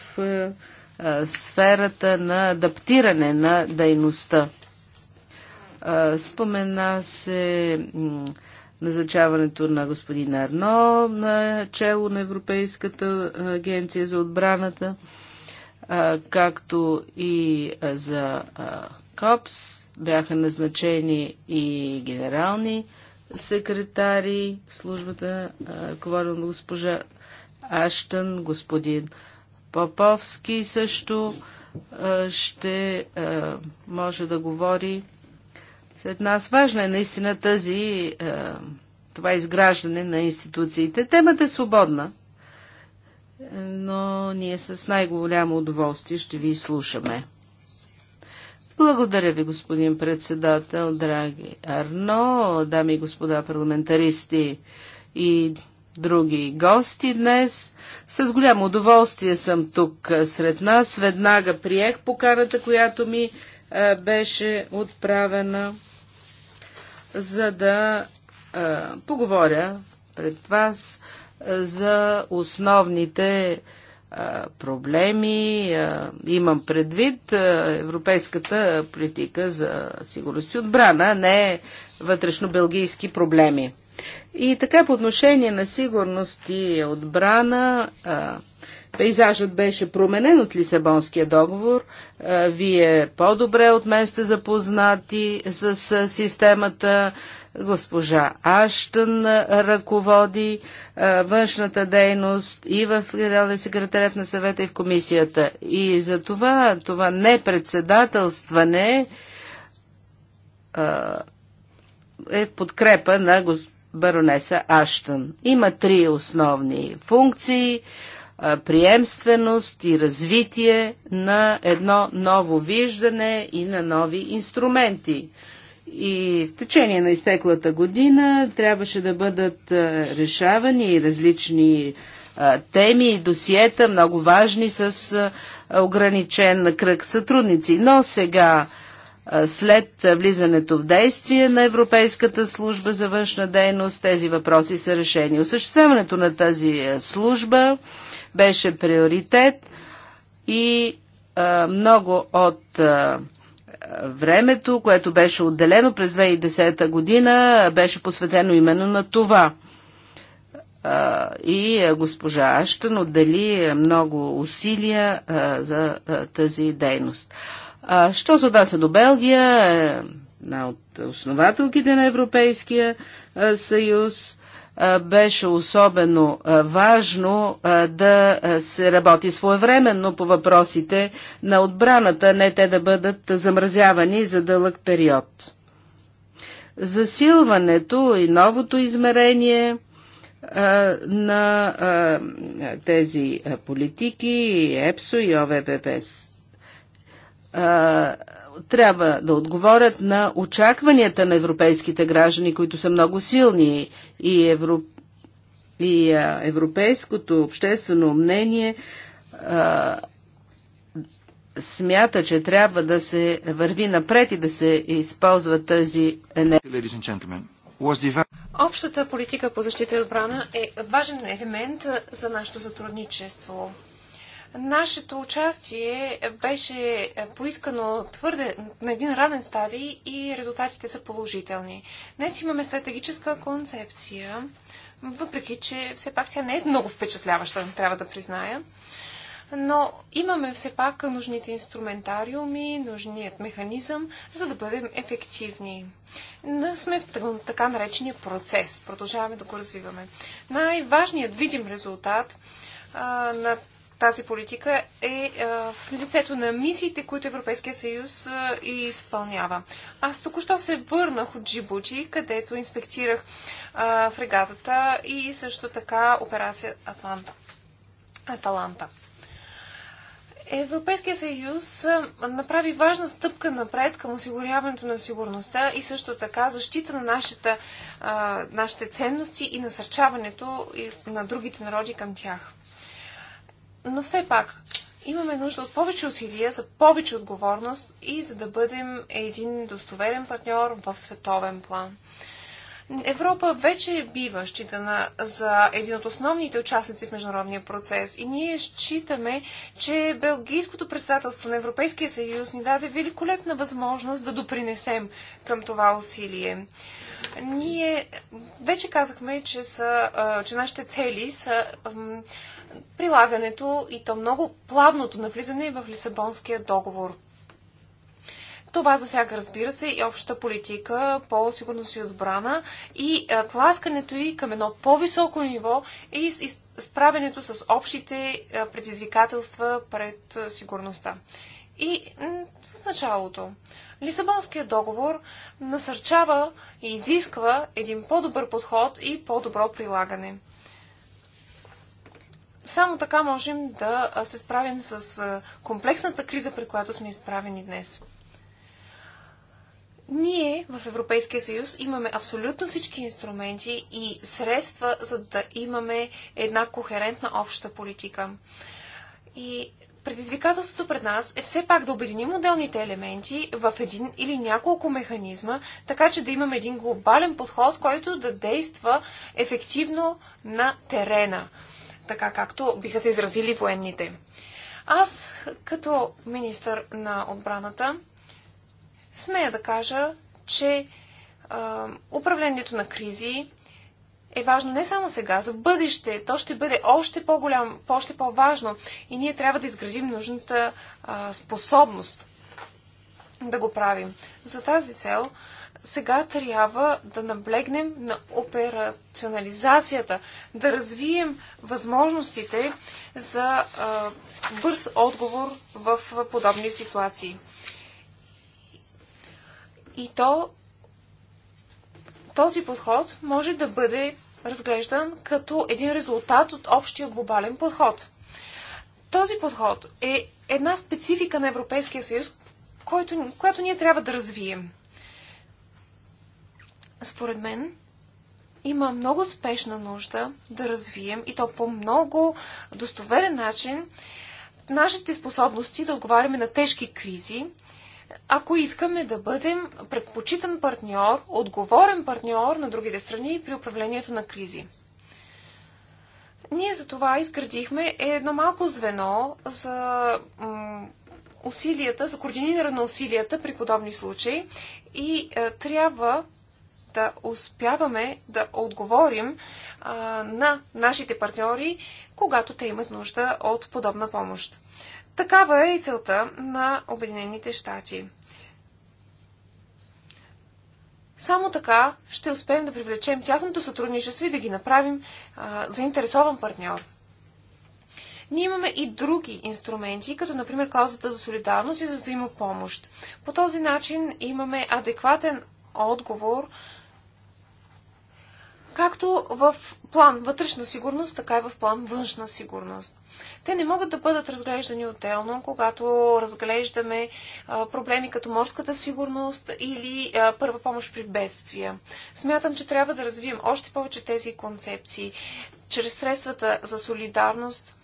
сферата на адаптиране на дейността. Спомена се назначаването на господин Арно на чело на Европейската агенция за отбраната, както и за КОПС бяха назначени и генерални секретари в службата, ръководен на госпожа Аштън, господин Поповски също ще може да говори след нас. Важна е наистина тази това изграждане на институциите. Темата е свободна, но ние с най-голямо удоволствие ще ви слушаме. Благодаря ви, господин председател, драги Арно, дами и господа парламентаристи и други гости днес. С голямо удоволствие съм тук сред нас. Веднага приех поканата, която ми беше отправена, за да поговоря пред вас за основните проблеми. Имам предвид европейската политика за сигурност и отбрана, не вътрешно-белгийски проблеми. И така по отношение на сигурност и отбрана, пейзажът беше променен от Лисабонския договор. Вие по-добре от мен сте запознати с системата Госпожа Аштън ръководи външната дейност и в Генералния секретарят на съвета и в комисията. И за това, това непредседателстване е подкрепа на баронеса Аштън. Има три основни функции приемственост и развитие на едно ново виждане и на нови инструменти. И в течение на изтеклата година трябваше да бъдат решавани различни теми и досиета, много важни с ограничен кръг сътрудници. Но сега, след влизането в действие на Европейската служба за външна дейност, тези въпроси са решени. Осъществяването на тази служба беше приоритет и много от времето, което беше отделено през 2010 година, беше посветено именно на това. И госпожа Аштън отдели много усилия за тази дейност. Що се отнася до Белгия, е една от основателките на Европейския съюз, беше особено важно да се работи своевременно по въпросите на отбраната, не те да бъдат замразявани за дълъг период. Засилването и новото измерение на тези политики, ЕПСО и ОВПС трябва да отговорят на очакванията на европейските граждани, които са много силни и, евро... и а, европейското обществено мнение а, смята, че трябва да се върви напред и да се използва тази енергия. Общата политика по защита и отбрана е важен елемент за нашето сътрудничество Нашето участие беше поискано твърде на един ранен стадий и резултатите са положителни. Днес имаме стратегическа концепция, въпреки че все пак тя не е много впечатляваща, трябва да призная. Но имаме все пак нужните инструментариуми, нужният механизъм, за да бъдем ефективни. Но сме в така наречения процес. Продължаваме да го развиваме. Най-важният видим резултат на тази политика е, е в лицето на мисиите, които Европейския съюз и е, изпълнява. Аз току-що се върнах от Джибути, където инспектирах е, фрегатата и също така операция Атланта. Аталанта. Европейския съюз направи важна стъпка напред към осигуряването на сигурността и също така защита на нашата, нашите ценности и насърчаването на другите народи към тях. Но все пак, имаме нужда от повече усилия, за повече отговорност и за да бъдем един достоверен партньор в световен план. Европа вече бива считана за един от основните участници в международния процес и ние считаме, че Белгийското председателство на Европейския съюз ни даде великолепна възможност да допринесем към това усилие. Ние вече казахме, че, са, че нашите цели са прилагането и то много плавното навлизане в Лисабонския договор. Това засяга, разбира се, и общата политика по сигурност и отбрана и тласкането и към едно по-високо ниво и справянето с общите предизвикателства пред сигурността. И в началото. Лисабонският договор насърчава и изисква един по-добър подход и по-добро прилагане. Само така можем да се справим с комплексната криза, при която сме изправени днес. Ние в Европейския съюз имаме абсолютно всички инструменти и средства, за да имаме една кохерентна обща политика. И предизвикателството пред нас е все пак да обединим отделните елементи в един или няколко механизма, така че да имаме един глобален подход, който да действа ефективно на терена така както биха се изразили военните. Аз, като министър на отбраната, смея да кажа, че а, управлението на кризи е важно не само сега, за бъдеще. То ще бъде още по-голям, още по-важно и ние трябва да изградим нужната а, способност да го правим. За тази цел сега трябва да наблегнем на операционализацията, да развием възможностите за а, бърз отговор в подобни ситуации. И то този подход може да бъде разглеждан като един резултат от общия глобален подход. Този подход е една специфика на Европейския съюз, който, която ние трябва да развием според мен, има много спешна нужда да развием и то по много достоверен начин нашите способности да отговаряме на тежки кризи, ако искаме да бъдем предпочитан партньор, отговорен партньор на другите страни при управлението на кризи. Ние за това изградихме едно малко звено за усилията, за координиране на усилията при подобни случаи и е, трябва да успяваме да отговорим а, на нашите партньори, когато те имат нужда от подобна помощ. Такава е и целта на Обединените щати. Само така ще успеем да привлечем тяхното сътрудничество и да ги направим а, заинтересован партньор. Ние имаме и други инструменти, като например клаузата за солидарност и за взаимопомощ. По този начин имаме адекватен отговор както в план вътрешна сигурност, така и в план външна сигурност. Те не могат да бъдат разглеждани отделно, когато разглеждаме а, проблеми като морската сигурност или а, първа помощ при бедствия. Смятам, че трябва да развием още повече тези концепции чрез средствата за солидарност.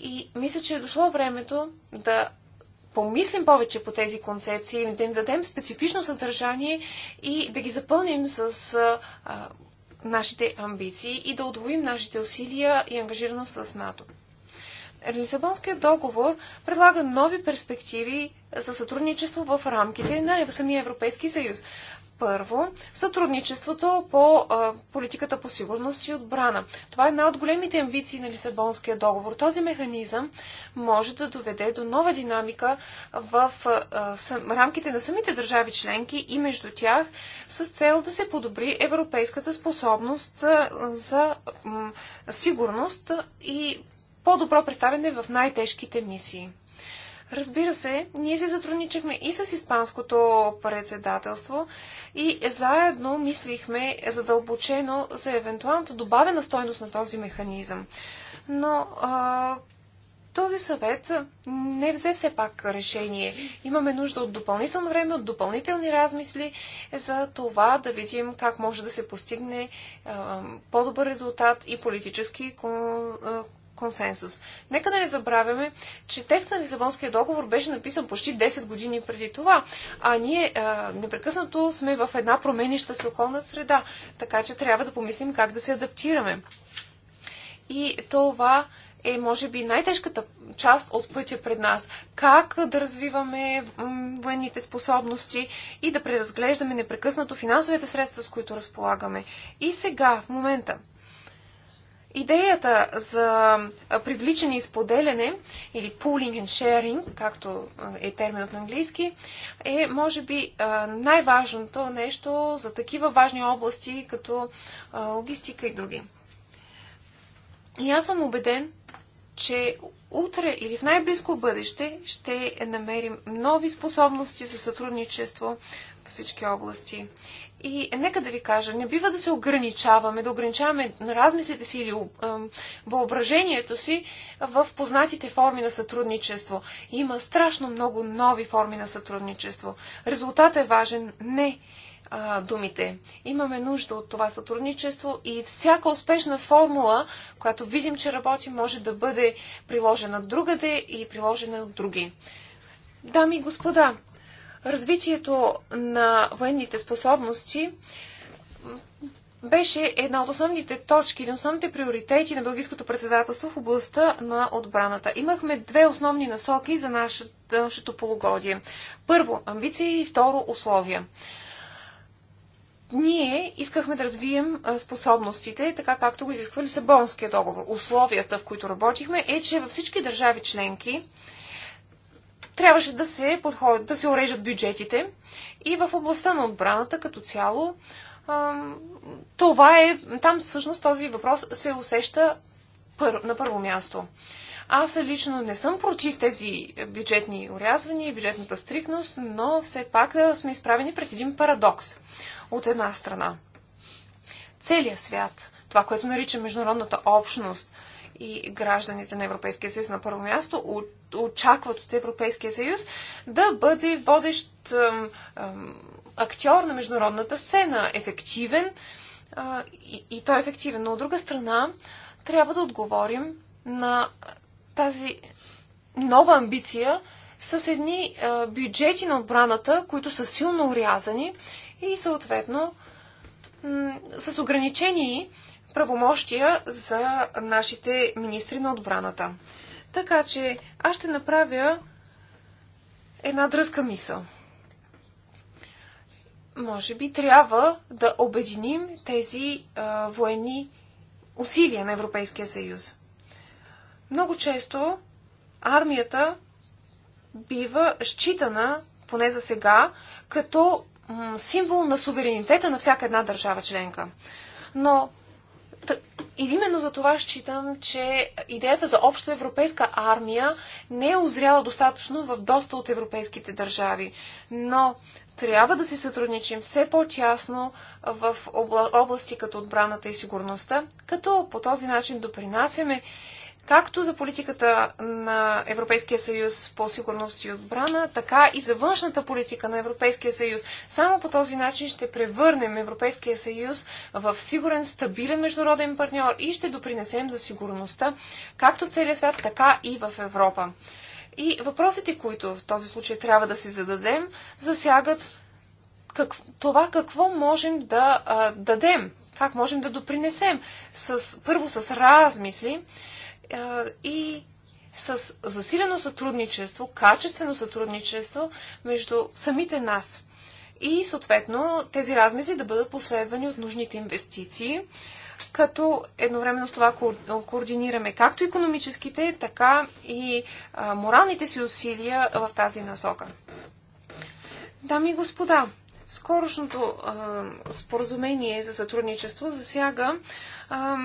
И мисля, че е дошло времето да помислим повече по тези концепции, да им дадем специфично съдържание и да ги запълним с а, нашите амбиции и да удвоим нашите усилия и ангажираност с НАТО. Лисабонският договор предлага нови перспективи за сътрудничество в рамките на самия Европейски съюз. Първо, сътрудничеството по политиката по сигурност и отбрана. Това е една от големите амбиции на Лисабонския договор. Този механизъм може да доведе до нова динамика в рамките на самите държави членки и между тях с цел да се подобри европейската способност за сигурност и по-добро представяне в най-тежките мисии. Разбира се, ние се затрудничихме и с Испанското председателство и заедно мислихме задълбочено за евентуалната добавена стойност на този механизъм. Но а, този съвет не взе все пак решение. Имаме нужда от допълнително време, от допълнителни размисли за това да видим как може да се постигне по-добър резултат и политически консенсус. Нека да не забравяме, че текст на Лизабонския договор беше написан почти 10 години преди това, а ние а, непрекъснато сме в една променища се околна среда, така че трябва да помислим как да се адаптираме. И това е, може би, най-тежката част от пътя пред нас. Как да развиваме военните способности и да преразглеждаме непрекъснато финансовите средства, с които разполагаме. И сега, в момента, Идеята за привличане и споделяне или pooling and sharing, както е терминът на английски, е може би най-важното нещо за такива важни области, като логистика и други. И аз съм убеден, че утре или в най-близко бъдеще ще намерим нови способности за сътрудничество в всички области. И нека да ви кажа, не бива да се ограничаваме, да ограничаваме размислите си или въображението си в познатите форми на сътрудничество. Има страшно много нови форми на сътрудничество. Резултатът е важен не думите. Имаме нужда от това сътрудничество и всяка успешна формула, която видим, че работи, може да бъде приложена другаде и приложена от други. Дами и господа, развитието на военните способности беше една от основните точки, на основните приоритети на Белгийското председателство в областта на отбраната. Имахме две основни насоки за нашето, нашето полугодие. Първо, амбиции и второ, условия. Ние искахме да развием способностите, така както го изисква Лисабонския договор. Условията, в които работихме, е, че във всички държави членки трябваше да се, подходят, да се урежат бюджетите и в областта на отбраната като цяло това е, там всъщност този въпрос се усеща пър, на първо място. Аз лично не съм против тези бюджетни урязвания и бюджетната стрикност, но все пак сме изправени пред един парадокс. От една страна, целият свят, това, което нарича международната общност, и гражданите на Европейския съюз на първо място очакват от Европейския съюз да бъде водещ актьор на международната сцена, ефективен и, и той е ефективен. Но от друга страна, трябва да отговорим на тази нова амбиция с едни бюджети на отбраната, които са силно урязани и съответно с ограничени правомощия за нашите министри на отбраната. Така че аз ще направя една дръзка мисъл. Може би трябва да обединим тези а, военни усилия на Европейския съюз. Много често армията бива считана, поне за сега, като символ на суверенитета на всяка една държава членка. Но и именно за това считам, че идеята за обща европейска армия не е озряла достатъчно в доста от европейските държави. Но трябва да се сътрудничим все по-тясно в области като отбраната и сигурността, като по този начин допринасяме както за политиката на Европейския съюз по сигурност и отбрана, така и за външната политика на Европейския съюз. Само по този начин ще превърнем Европейския съюз в сигурен, стабилен международен партньор и ще допринесем за сигурността както в целия свят, така и в Европа. И въпросите, които в този случай трябва да си зададем, засягат как, това какво можем да а, дадем, как можем да допринесем с, първо с размисли и с засилено сътрудничество, качествено сътрудничество между самите нас. И съответно тези размизи да бъдат последвани от нужните инвестиции, като едновременно с това координираме както економическите, така и моралните си усилия в тази насока. Дами и господа, скорошното а, споразумение за сътрудничество засяга а,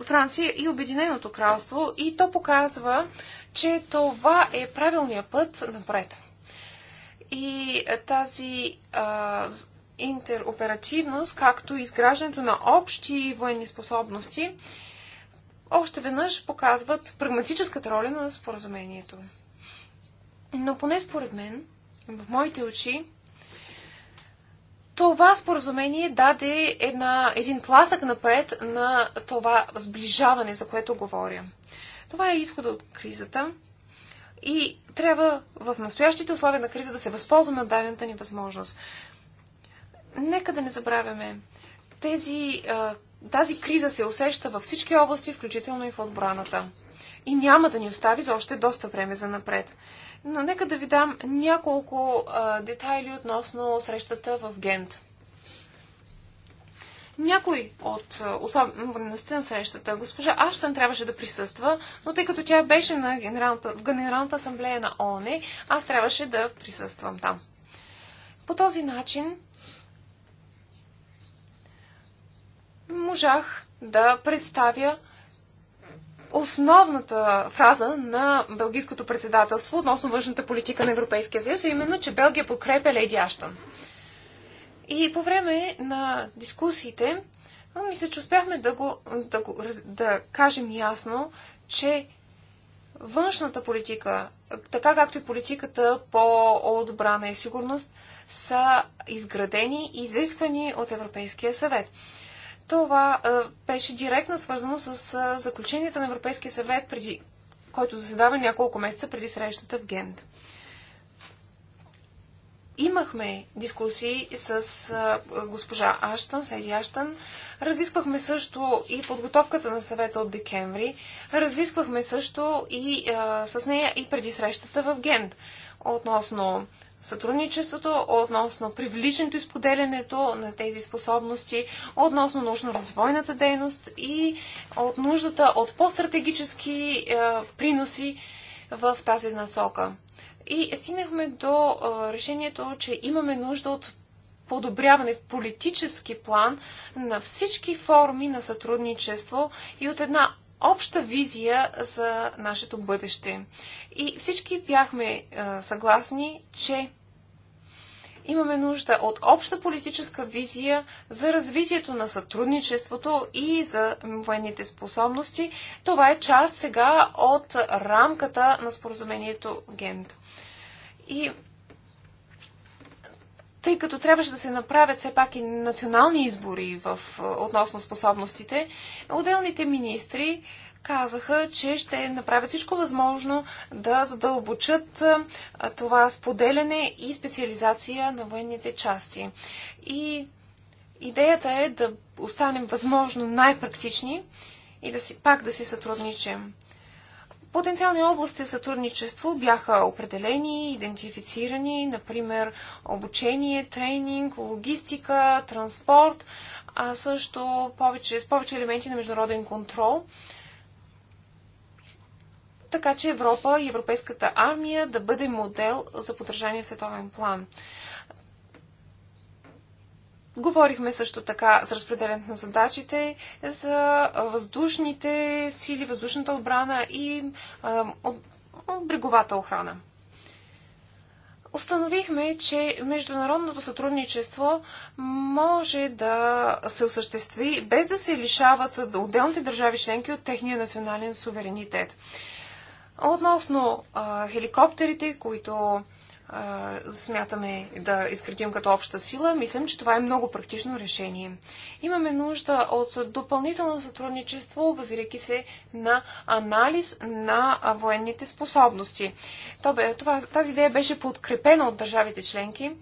Франция и Обединеното кралство и то показва, че това е правилният път напред. И тази а, интероперативност, както и изграждането на общи военни способности, още веднъж показват прагматическата роля на споразумението. Но поне според мен, в моите очи, това споразумение даде една, един тласък напред на това сближаване, за което говоря. Това е изхода от кризата и трябва в настоящите условия на криза да се възползваме от дадената ни възможност. Нека да не забравяме, тези, тази криза се усеща във всички области, включително и в отбраната. И няма да ни остави за още доста време за напред. Но нека да ви дам няколко а, детайли относно срещата в Гент. Някой от особеността на срещата, госпожа Аштън трябваше да присъства, но тъй като тя беше на Генералната, в Генералната асамблея на ООН, аз трябваше да присъствам там. По този начин можах да представя основната фраза на Белгийското председателство относно външната политика на Европейския съюз, е именно, че Белгия подкрепя Леди Аштън. И по време на дискусиите, мисля, че успяхме да, го, да, го, да кажем ясно, че външната политика, така както и политиката по отбрана и сигурност, са изградени и изисквани от Европейския съвет. Това а, беше директно свързано с а, заключенията на Европейския съвет, преди, който заседава няколко месеца преди срещата в Гент. Имахме дискусии с а, госпожа Аштан, Сейди Аштан. Разисквахме също и подготовката на съвета от декември. Разисквахме също и а, с нея и преди срещата в Гент относно сътрудничеството, относно привличането и споделянето на тези способности, относно научно-развойната дейност и от нуждата от по-стратегически е, приноси в тази насока. И стигнахме до е, решението, че имаме нужда от подобряване в политически план на всички форми на сътрудничество и от една обща визия за нашето бъдеще. И всички бяхме е, съгласни, че имаме нужда от обща политическа визия за развитието на сътрудничеството и за военните способности. Това е част сега от рамката на споразумението в Гент. И тъй като трябваше да се направят все пак и национални избори в, относно способностите, отделните министри казаха, че ще направят всичко възможно да задълбочат това споделяне и специализация на военните части. И идеята е да останем възможно най-практични и да си, пак да си сътрудничим. Потенциални области за сътрудничество бяха определени, идентифицирани, например обучение, тренинг, логистика, транспорт, а също повече, с повече елементи на международен контрол. Така че Европа и Европейската армия да бъде модел за поддържание в световен план. Говорихме също така за разпределението на задачите, за въздушните сили, въздушната отбрана и а, от, от бреговата охрана. Установихме, че международното сътрудничество може да се осъществи без да се лишават отделните държави членки от техния национален суверенитет. Относно а, хеликоптерите, които смятаме да изградим като обща сила, мислим, че това е много практично решение. Имаме нужда от допълнително сътрудничество, базирайки се на анализ на военните способности. тази идея беше подкрепена от държавите членки,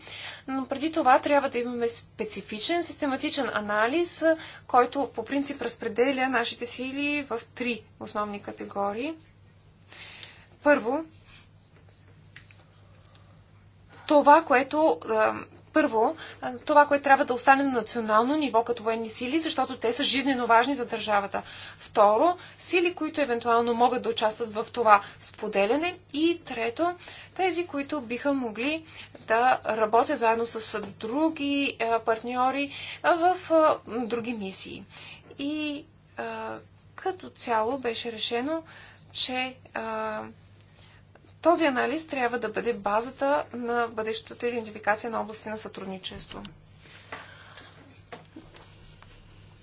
но преди това трябва да имаме специфичен, систематичен анализ, който по принцип разпределя нашите сили в три основни категории. Първо, това, което първо, това, което трябва да остане на национално ниво като военни сили, защото те са жизнено важни за държавата. Второ, сили, които евентуално могат да участват в това споделяне. И трето, тези, които биха могли да работят заедно с други партньори в други мисии. И като цяло беше решено, че този анализ трябва да бъде базата на бъдещата идентификация на области на сътрудничество.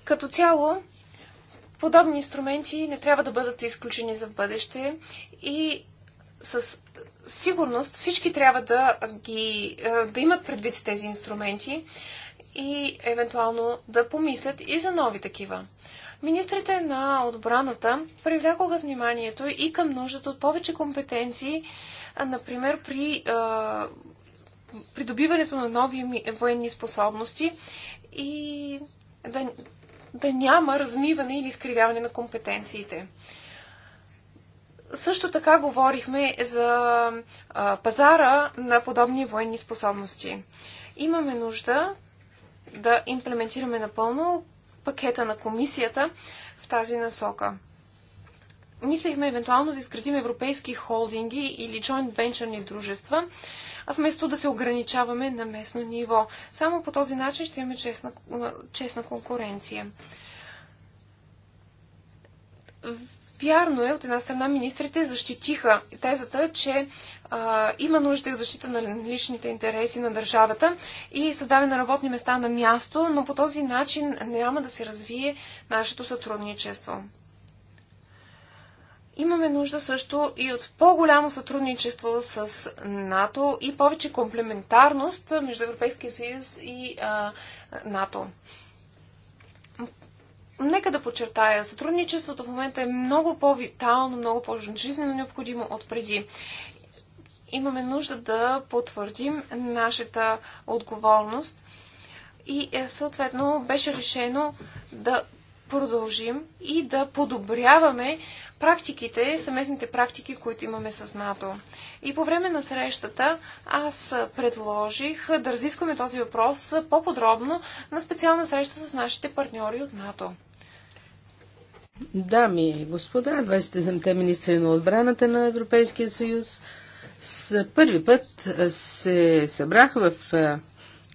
Като цяло, подобни инструменти не трябва да бъдат изключени за бъдеще и с сигурност всички трябва да, ги, е, да имат предвид тези инструменти и евентуално да помислят и за нови такива. Министрите на отбраната привлякоха вниманието и към нуждата от повече компетенции, например при придобиването на нови военни способности и да, да няма размиване или изкривяване на компетенциите. Също така говорихме за а, пазара на подобни военни способности. Имаме нужда да имплементираме напълно пакета на комисията в тази насока. Мислехме евентуално да изградим европейски холдинги или joint venture дружества, а вместо да се ограничаваме на местно ниво. Само по този начин ще имаме честна, честна конкуренция. Вярно е, от една страна министрите защитиха тезата, че а, има нужда и от защита на личните интереси на държавата и създаване на работни места на място, но по този начин няма да се развие нашето сътрудничество. Имаме нужда също и от по-голямо сътрудничество с НАТО и повече комплементарност между Европейския съюз и а, НАТО. Нека да подчертая, сътрудничеството в момента е много по-витално, много по жизнено необходимо от преди имаме нужда да потвърдим нашата отговорност и е, съответно беше решено да продължим и да подобряваме практиките, съместните практики, които имаме с НАТО. И по време на срещата аз предложих да разискваме този въпрос по-подробно на специална среща с нашите партньори от НАТО. Дами и господа, 27-те министри на отбраната на Европейския съюз с първи път се събрах в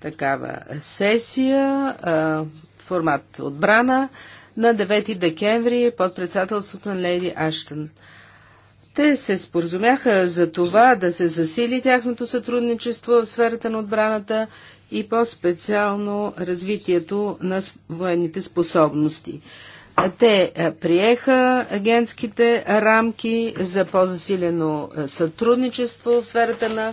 такава сесия, формат отбрана, на 9 декември под председателството на Леди Аштън. Те се споразумяха за това да се засили тяхното сътрудничество в сферата на отбраната и по-специално развитието на военните способности. Те е, приеха агентските рамки за по-засилено е, сътрудничество в сферата на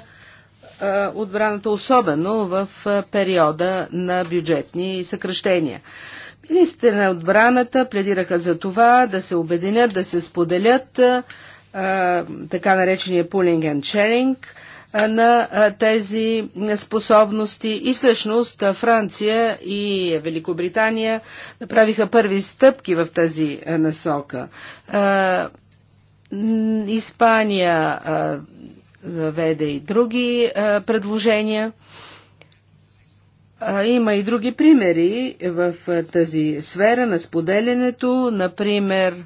е, отбраната, особено в периода на бюджетни съкръщения. Министрите на отбраната пледираха за това да се обединят, да се споделят така наречения пулинг and sharing, на тези способности и всъщност Франция и Великобритания направиха първи стъпки в тази насока. Испания въведе и други предложения. Има и други примери в тази сфера на споделянето, например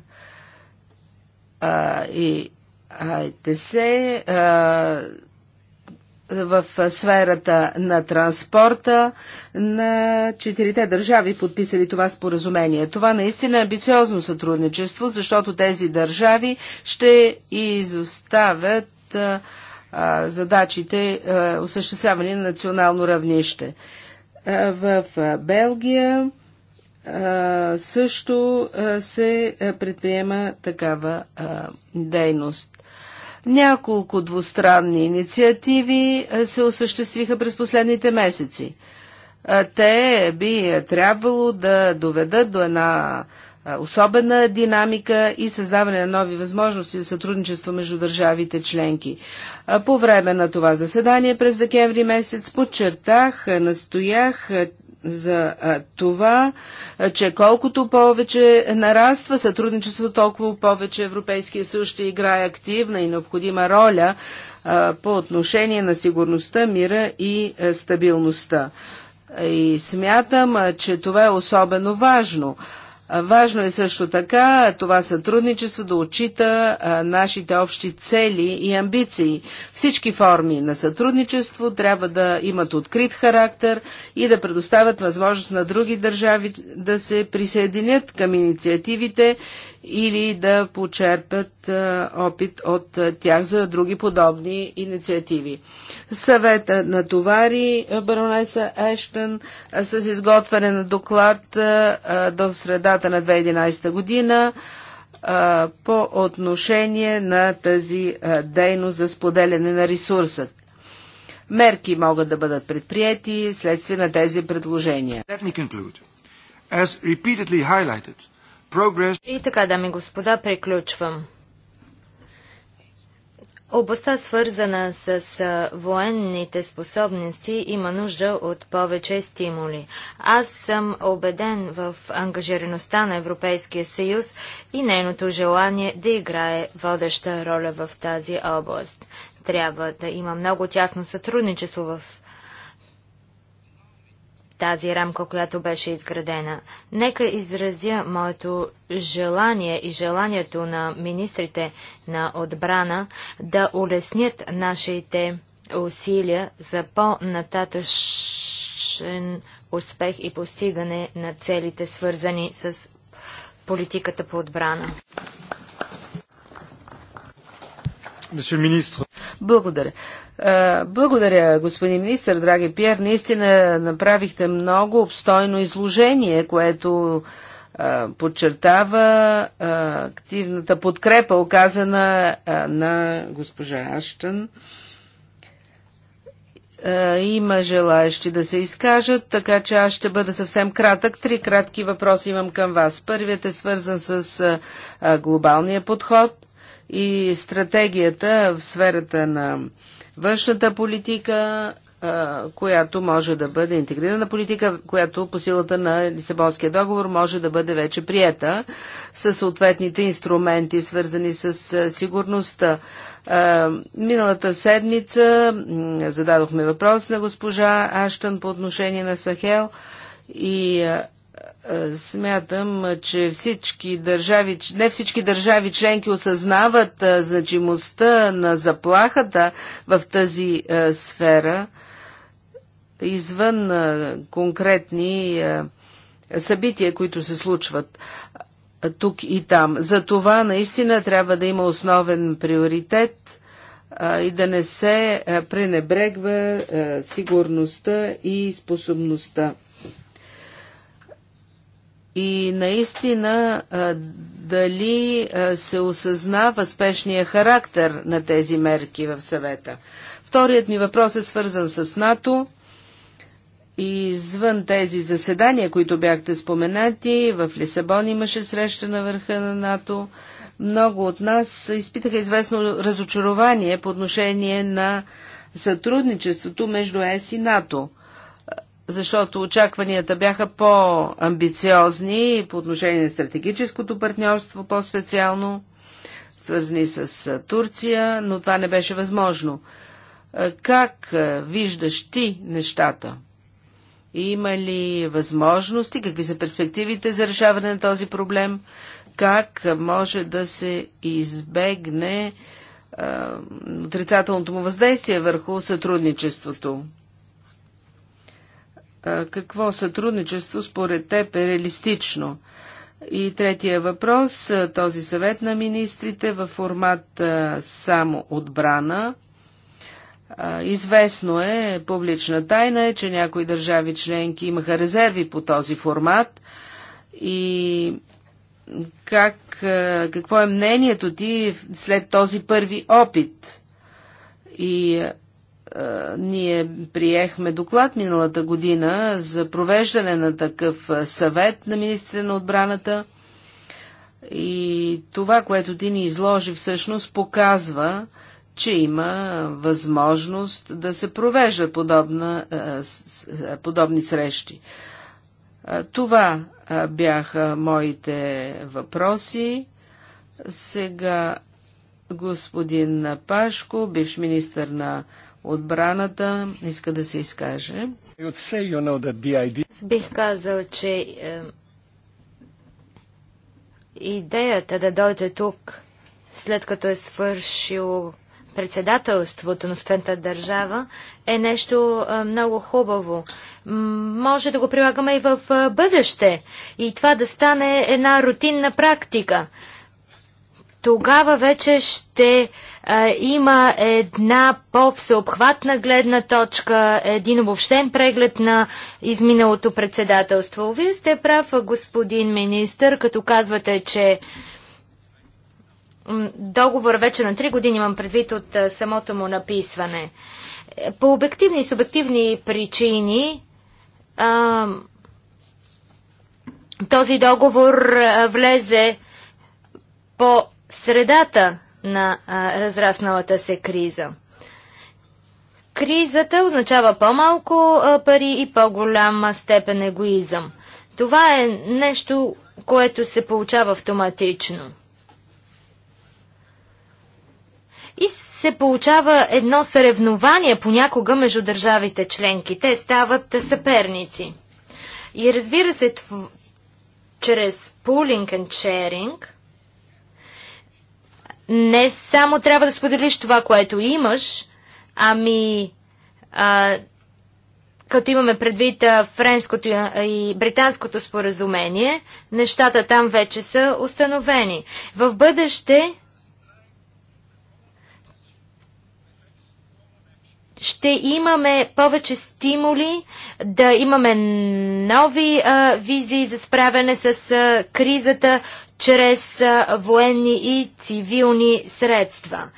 и АТС, в сферата на транспорта на четирите държави, подписали това споразумение. Това наистина е амбициозно сътрудничество, защото тези държави ще изоставят задачите, осъществявани на национално равнище. в Белгия също се предприема такава дейност. Няколко двустранни инициативи е, се осъществиха през последните месеци. Те би е, трябвало да доведат до една е, особена динамика и създаване на нови възможности за сътрудничество между държавите членки. По време на това заседание през декември месец подчертах, настоях, за това, че колкото повече нараства сътрудничество, толкова повече Европейския съюз ще играе активна и необходима роля по отношение на сигурността, мира и стабилността. И смятам, че това е особено важно. Важно е също така това сътрудничество да отчита нашите общи цели и амбиции. Всички форми на сътрудничество трябва да имат открит характер и да предоставят възможност на други държави да се присъединят към инициативите или да почерпят опит от тях за други подобни инициативи. Съвета на товари баронеса Ештън с изготвяне на доклад до средата на 2011 година по отношение на тази дейност за споделяне на ресурсът. Мерки могат да бъдат предприяти следствие на тези предложения. Let me conclude. As repeatedly highlighted, и така, дами и господа, приключвам. Областта, свързана с военните способности, има нужда от повече стимули. Аз съм убеден в ангажираността на Европейския съюз и нейното желание да играе водеща роля в тази област. Трябва да има много тясно сътрудничество в тази рамка, която беше изградена. Нека изразя моето желание и желанието на министрите на отбрана да улеснят нашите усилия за по-нататъчен успех и постигане на целите, свързани с политиката по отбрана. Благодаря. Е, благодаря, господин министр, драги Пьер. Наистина направихте много обстойно изложение, което е, подчертава е, активната подкрепа, оказана на госпожа Аштън. Има желаящи да се изкажат, така че аз ще бъда съвсем кратък. Три кратки въпроси имам към вас. Първият е свързан с глобалния подход и стратегията в сферата на външната политика, която може да бъде интегрирана политика, която по силата на Лисабонския договор може да бъде вече приета с съответните инструменти, свързани с сигурността. Миналата седмица зададохме въпрос на госпожа Аштън по отношение на Сахел и Смятам, че всички държави, не всички държави членки осъзнават значимостта на заплахата в тази сфера, извън конкретни събития, които се случват тук и там. За това наистина трябва да има основен приоритет и да не се пренебрегва сигурността и способността и наистина дали се осъзнава спешния характер на тези мерки в съвета. Вторият ми въпрос е свързан с НАТО. И извън тези заседания, които бяхте споменати, в Лисабон имаше среща на върха на НАТО. Много от нас изпитаха известно разочарование по отношение на сътрудничеството между ЕС и НАТО защото очакванията бяха по-амбициозни по отношение на стратегическото партньорство по-специално, свързани с Турция, но това не беше възможно. Как виждаш ти нещата? Има ли възможности? Какви са перспективите за решаване на този проблем? Как може да се избегне отрицателното му въздействие върху сътрудничеството? какво сътрудничество според теб е реалистично? И третия въпрос, този съвет на министрите във формат само отбрана. Известно е, публична тайна е, че някои държави членки имаха резерви по този формат и как, какво е мнението ти след този първи опит? И ние приехме доклад миналата година за провеждане на такъв съвет на министрите на отбраната и това, което ти ни изложи всъщност, показва, че има възможност да се провежда подобна, подобни срещи. Това бяха моите въпроси. Сега господин Пашко, бивш министър на отбраната иска да се изкаже. Бих казал, че е, идеята да дойде тук, след като е свършил председателството на студента държава, е нещо е, много хубаво. Може да го прилагаме и в е, бъдеще. И това да стане една рутинна практика. Тогава вече ще има една по-всеобхватна гледна точка, един обобщен преглед на изминалото председателство. Вие сте прав, господин министр, като казвате, че договор вече на 3 години имам предвид от самото му написване. По обективни и субективни причини а, този договор влезе по средата на а, разрасналата се криза. Кризата означава по-малко пари и по-голяма степен егоизъм. Това е нещо, което се получава автоматично. И се получава едно съревнование понякога между държавите членки. Те стават съперници. И разбира се, чрез пулинг and sharing – не само трябва да споделиш това, което имаш, ами а, като имаме предвид френското и британското споразумение, нещата там вече са установени. В бъдеще ще имаме повече стимули да имаме нови а, визии за справяне с а, кризата, чрез военни и цивилни средства.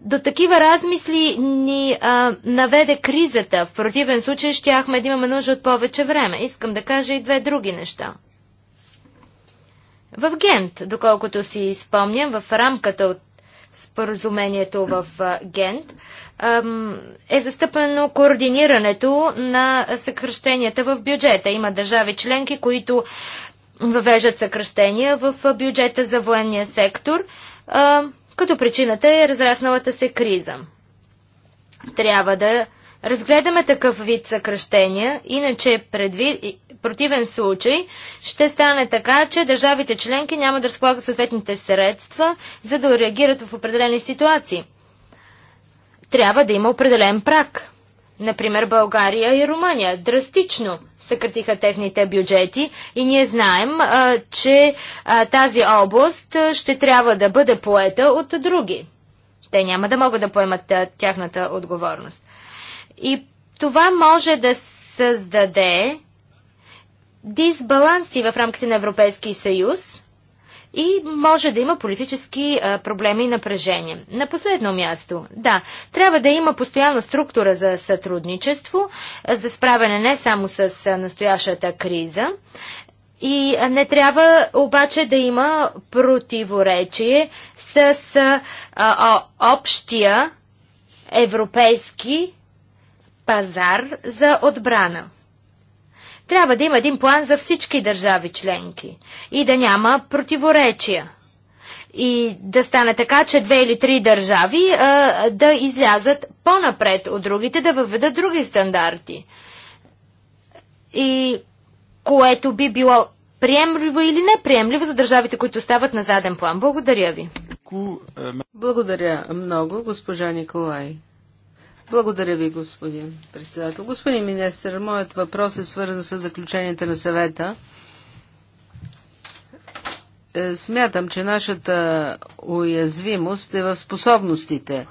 До такива размисли ни а, наведе кризата. В противен случай щяхме да имаме нужда от повече време. Искам да кажа и две други неща. В Гент, доколкото си спомням, в рамката от споразумението в Гент, е застъпено координирането на съкръщенията в бюджета. Има държави членки, които въвеждат съкръщения в бюджета за военния сектор, а, като причината е разрасналата се криза. Трябва да разгледаме такъв вид съкръщения, иначе предвид, противен случай ще стане така, че държавите членки няма да разполагат съответните средства, за да реагират в определени ситуации. Трябва да има определен прак. Например, България и Румъния драстично съкратиха техните бюджети и ние знаем, а, че а, тази област ще трябва да бъде поета от други. Те няма да могат да поемат тяхната отговорност. И това може да създаде дисбаланси в рамките на Европейския съюз – и може да има политически а, проблеми и напрежение. На последно място, да, трябва да има постоянна структура за сътрудничество, а, за справяне не само с настоящата криза. И не трябва обаче да има противоречие с а, а, общия европейски пазар за отбрана. Трябва да има един план за всички държави членки и да няма противоречия. И да стане така, че две или три държави а, да излязат по-напред от другите, да въведат други стандарти. И което би било приемливо или неприемливо за държавите, които стават на заден план. Благодаря ви. Е, Благодаря много, госпожа Николай. Благодаря ви, господин председател. Господин министр, моят въпрос е свързан с заключенията на съвета. Е, смятам, че нашата уязвимост е в способностите.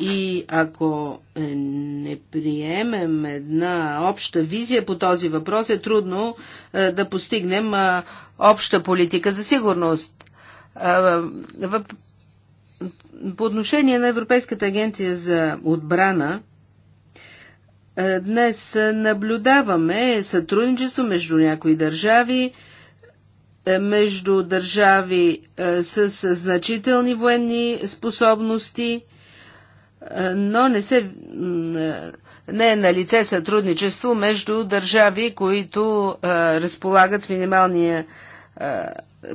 И ако не приемем една обща визия по този въпрос, е трудно е, да постигнем е, обща политика за сигурност. По отношение на Европейската агенция за отбрана, е, днес наблюдаваме сътрудничество между някои държави, е, между държави е, с значителни военни способности, но не, се, не е на лице сътрудничество между държави, които разполагат с минималния е,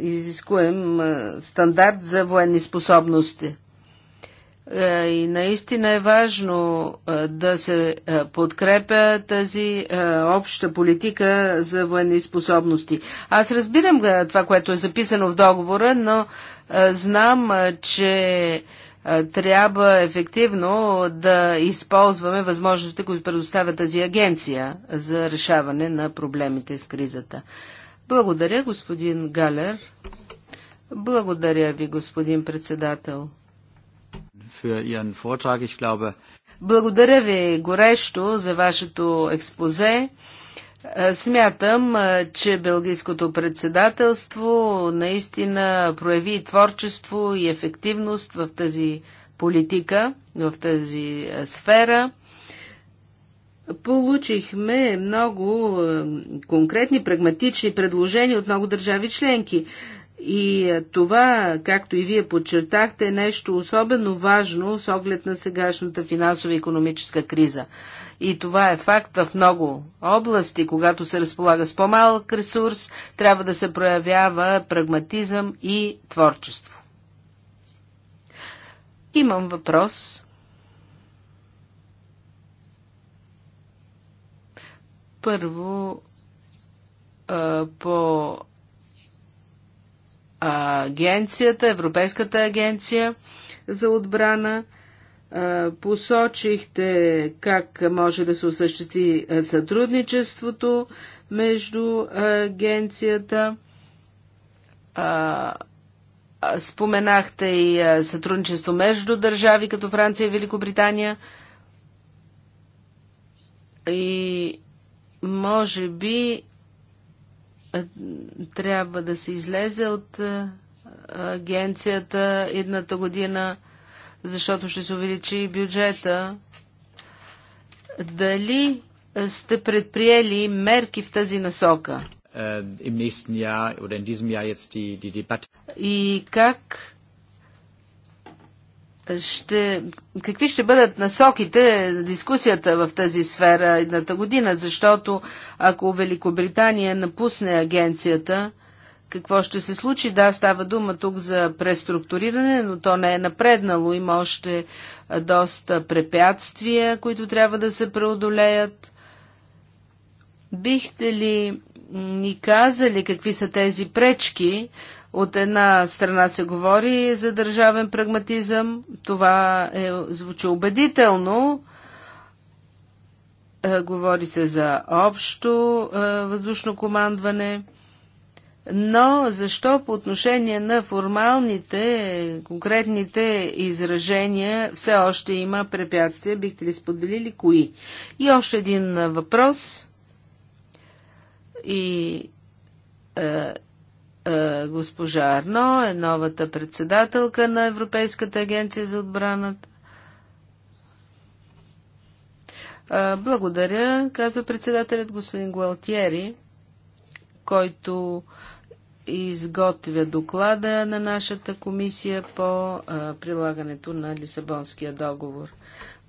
изискуем е, стандарт за военни способности. Е, и наистина е важно да се подкрепя тази обща политика за военни способности. Аз разбирам това, което е записано в договора, но знам, че трябва ефективно да използваме възможностите, които предоставя тази агенция за решаване на проблемите с кризата. Благодаря, господин Галер. Благодаря ви, господин председател. Благодаря ви горещо за вашето експозе. Е, смятам, е, че Белгийското председателство наистина прояви творчество и ефективност в тази политика, в тази е, сфера. Получихме много е, конкретни, прагматични предложения от много държави членки. И е, това, както и вие подчертахте, е нещо особено важно с оглед на сегашната финансова и економическа криза. И това е факт в много области, когато се разполага с по-малък ресурс, трябва да се проявява прагматизъм и творчество. Имам въпрос Първо, по агенцията, Европейската агенция за отбрана. Посочихте как може да се осъществи сътрудничеството между агенцията. Споменахте и сътрудничество между държави, като Франция и Великобритания. И може би трябва да се излезе от агенцията едната година, защото ще се увеличи бюджета. Дали сте предприели мерки в тази насока? И как ще, какви ще бъдат насоките на дискусията в тази сфера едната година, защото ако Великобритания напусне агенцията, какво ще се случи? Да, става дума тук за преструктуриране, но то не е напреднало. Има още доста препятствия, които трябва да се преодолеят. Бихте ли ни казали какви са тези пречки, от една страна се говори за държавен прагматизъм. Това е, звучи убедително. Е, говори се за общо е, въздушно командване. Но защо по отношение на формалните, конкретните изражения все още има препятствия? Бихте ли споделили кои? И още един въпрос. И е, Госпожа Арно е новата председателка на Европейската агенция за отбраната. Благодаря, казва председателят господин Гуалтиери, който изготвя доклада на нашата комисия по прилагането на Лисабонския договор.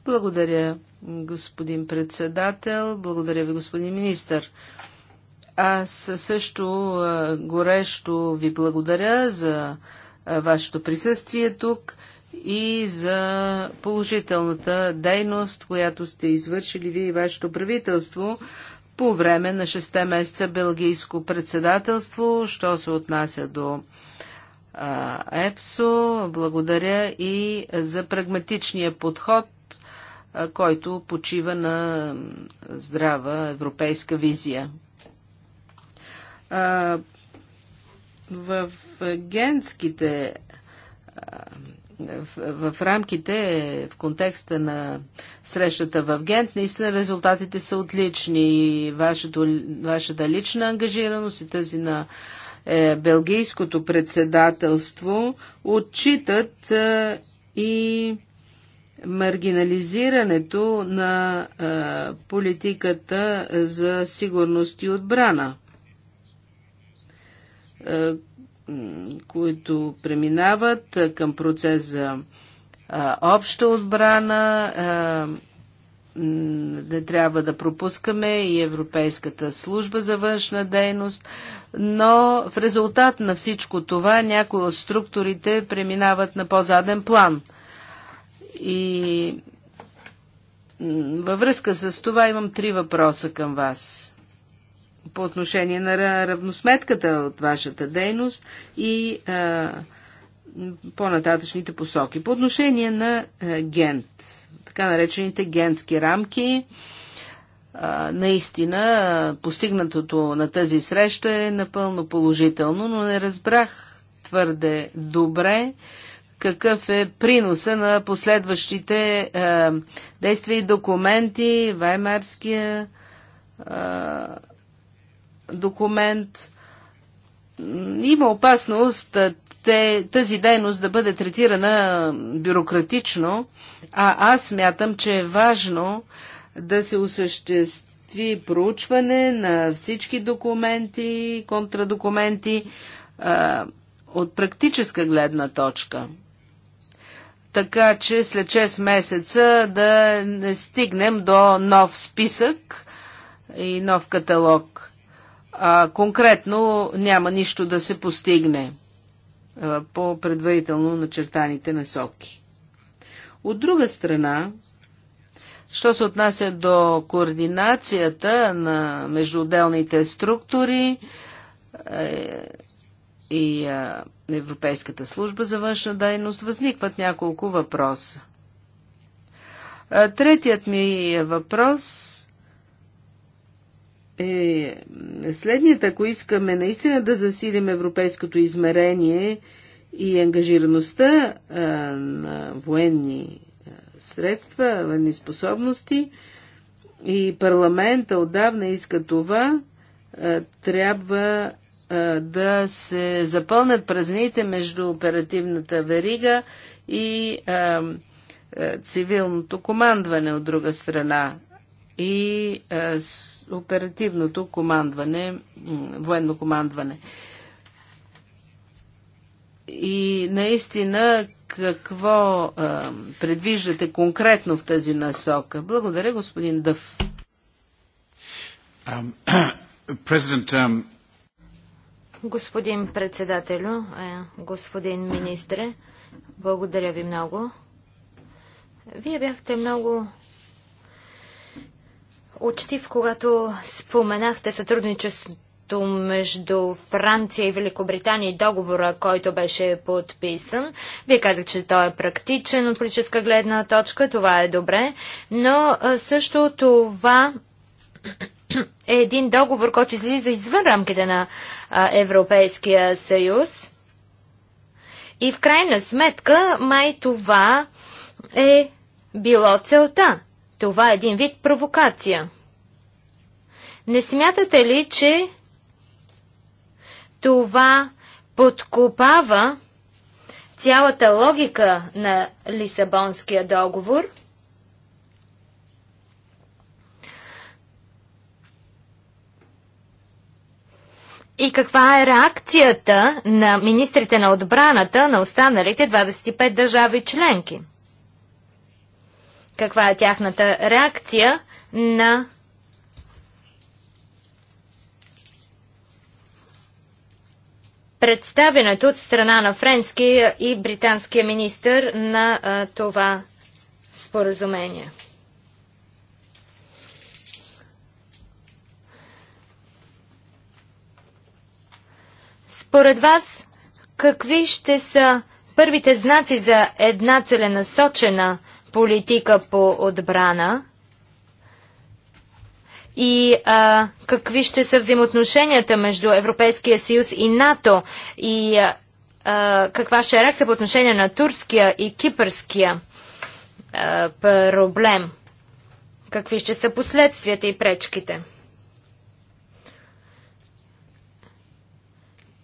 Благодаря, господин председател. Благодаря ви, господин министър. Аз също горещо ви благодаря за вашето присъствие тук и за положителната дейност, която сте извършили вие и вашето правителство по време на 6 месеца белгийско председателство, що се отнася до ЕПСО. Благодаря и за прагматичния подход, който почива на здрава европейска визия а, в генските в, в рамките, в контекста на срещата в Гент, наистина резултатите са отлични и вашето, вашата лична ангажираност и тази на е, Белгийското председателство отчитат е, и маргинализирането на е, политиката за сигурност и отбрана. Е, които преминават е, към процес за е, обща отбрана. Не трябва да пропускаме и Европейската служба за външна дейност, но в резултат на всичко това някои от структурите преминават на по-заден план. И във връзка с това имам три въпроса към вас по отношение на равносметката от вашата дейност и а, по-нататъчните посоки. По отношение на а, гент, така наречените гентски рамки, а, наистина постигнатото на тази среща е напълно положително, но не разбрах твърде добре какъв е приноса на последващите а, действия и документи, Ваймарския а, документ има опасност тази дейност да бъде третирана бюрократично, а аз мятам, че е важно да се осъществи проучване на всички документи, контрадокументи а, от практическа гледна точка. Така че след 6 месеца да не стигнем до нов списък и нов каталог а, конкретно няма нищо да се постигне а, по предварително начертаните насоки. От друга страна, що се отнася до координацията на междуотделните структури е, и Европейската служба за външна дейност, възникват няколко въпроса. Третият ми въпрос е следният. Ако искаме наистина да засилим европейското измерение и ангажираността а, на военни средства, военни способности, и парламента отдавна иска това, а, трябва а, да се запълнат празните между оперативната верига и а, цивилното командване от друга страна. И оперативното командване, военно командване. И наистина какво а, предвиждате конкретно в тази насока? Благодаря, господин Дъв. (clears throat) господин председателю, господин министре, благодаря ви много. Вие бяхте много учтив, когато споменахте сътрудничеството между Франция и Великобритания и договора, който беше подписан. Вие казах, че той е практичен от политическа гледна точка, това е добре, но също това е един договор, който излиза извън рамките на Европейския съюз. И в крайна сметка, май това е било целта това е един вид провокация. Не смятате ли, че това подкопава цялата логика на Лисабонския договор? И каква е реакцията на министрите на отбраната на останалите 25 държави членки? каква е тяхната реакция на представенето от страна на френския и британския министр на а, това споразумение. Според вас, какви ще са първите знаци за една целенасочена политика по отбрана? И а, какви ще са взаимоотношенията между Европейския съюз и НАТО? И а, каква ще е реакция по отношение на турския и кипърския а, проблем? Какви ще са последствията и пречките?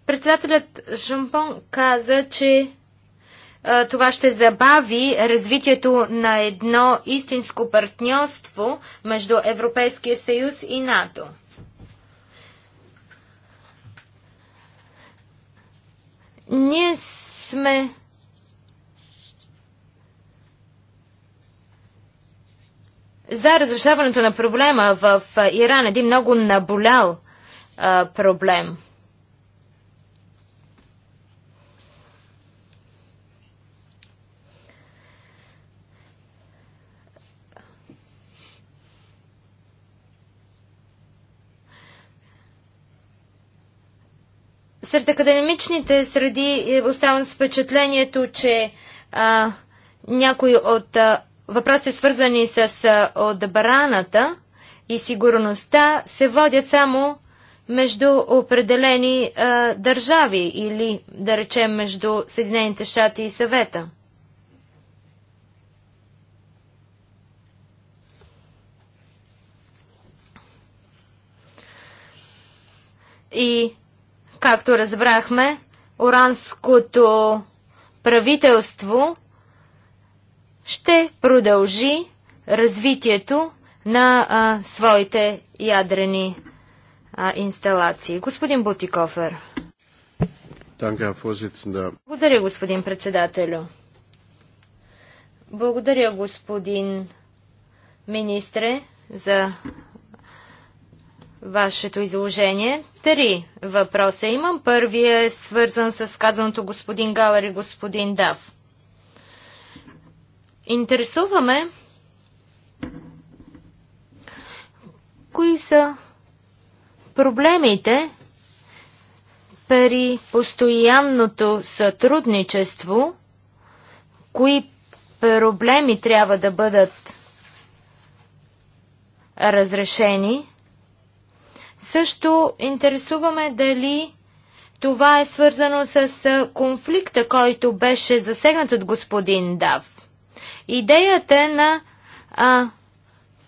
Председателят Шампон каза, че е, това ще забави развитието на едно истинско партньорство между Европейския съюз и НАТО. Ние сме за разрешаването на проблема в Иран, един много наболял проблем. Сред академичните среди е, оставам с впечатлението, че а, някои от а, въпроси, свързани с а, отбраната и сигурността, се водят само между определени а, държави или, да речем, между Съединените щати и съвета. И Както разбрахме, уранското правителство ще продължи развитието на а, своите ядрени а, инсталации. Господин Бутикофер. Благодаря, господин председателю. Благодаря, господин министре, за вашето изложение. Три въпроса имам. Първият е свързан с казаното господин Галер и господин Дав. Интересуваме кои са проблемите при постоянното сътрудничество, кои проблеми трябва да бъдат разрешени – също интересуваме дали това е свързано с конфликта, който беше засегнат от господин Дав. Идеята е на а,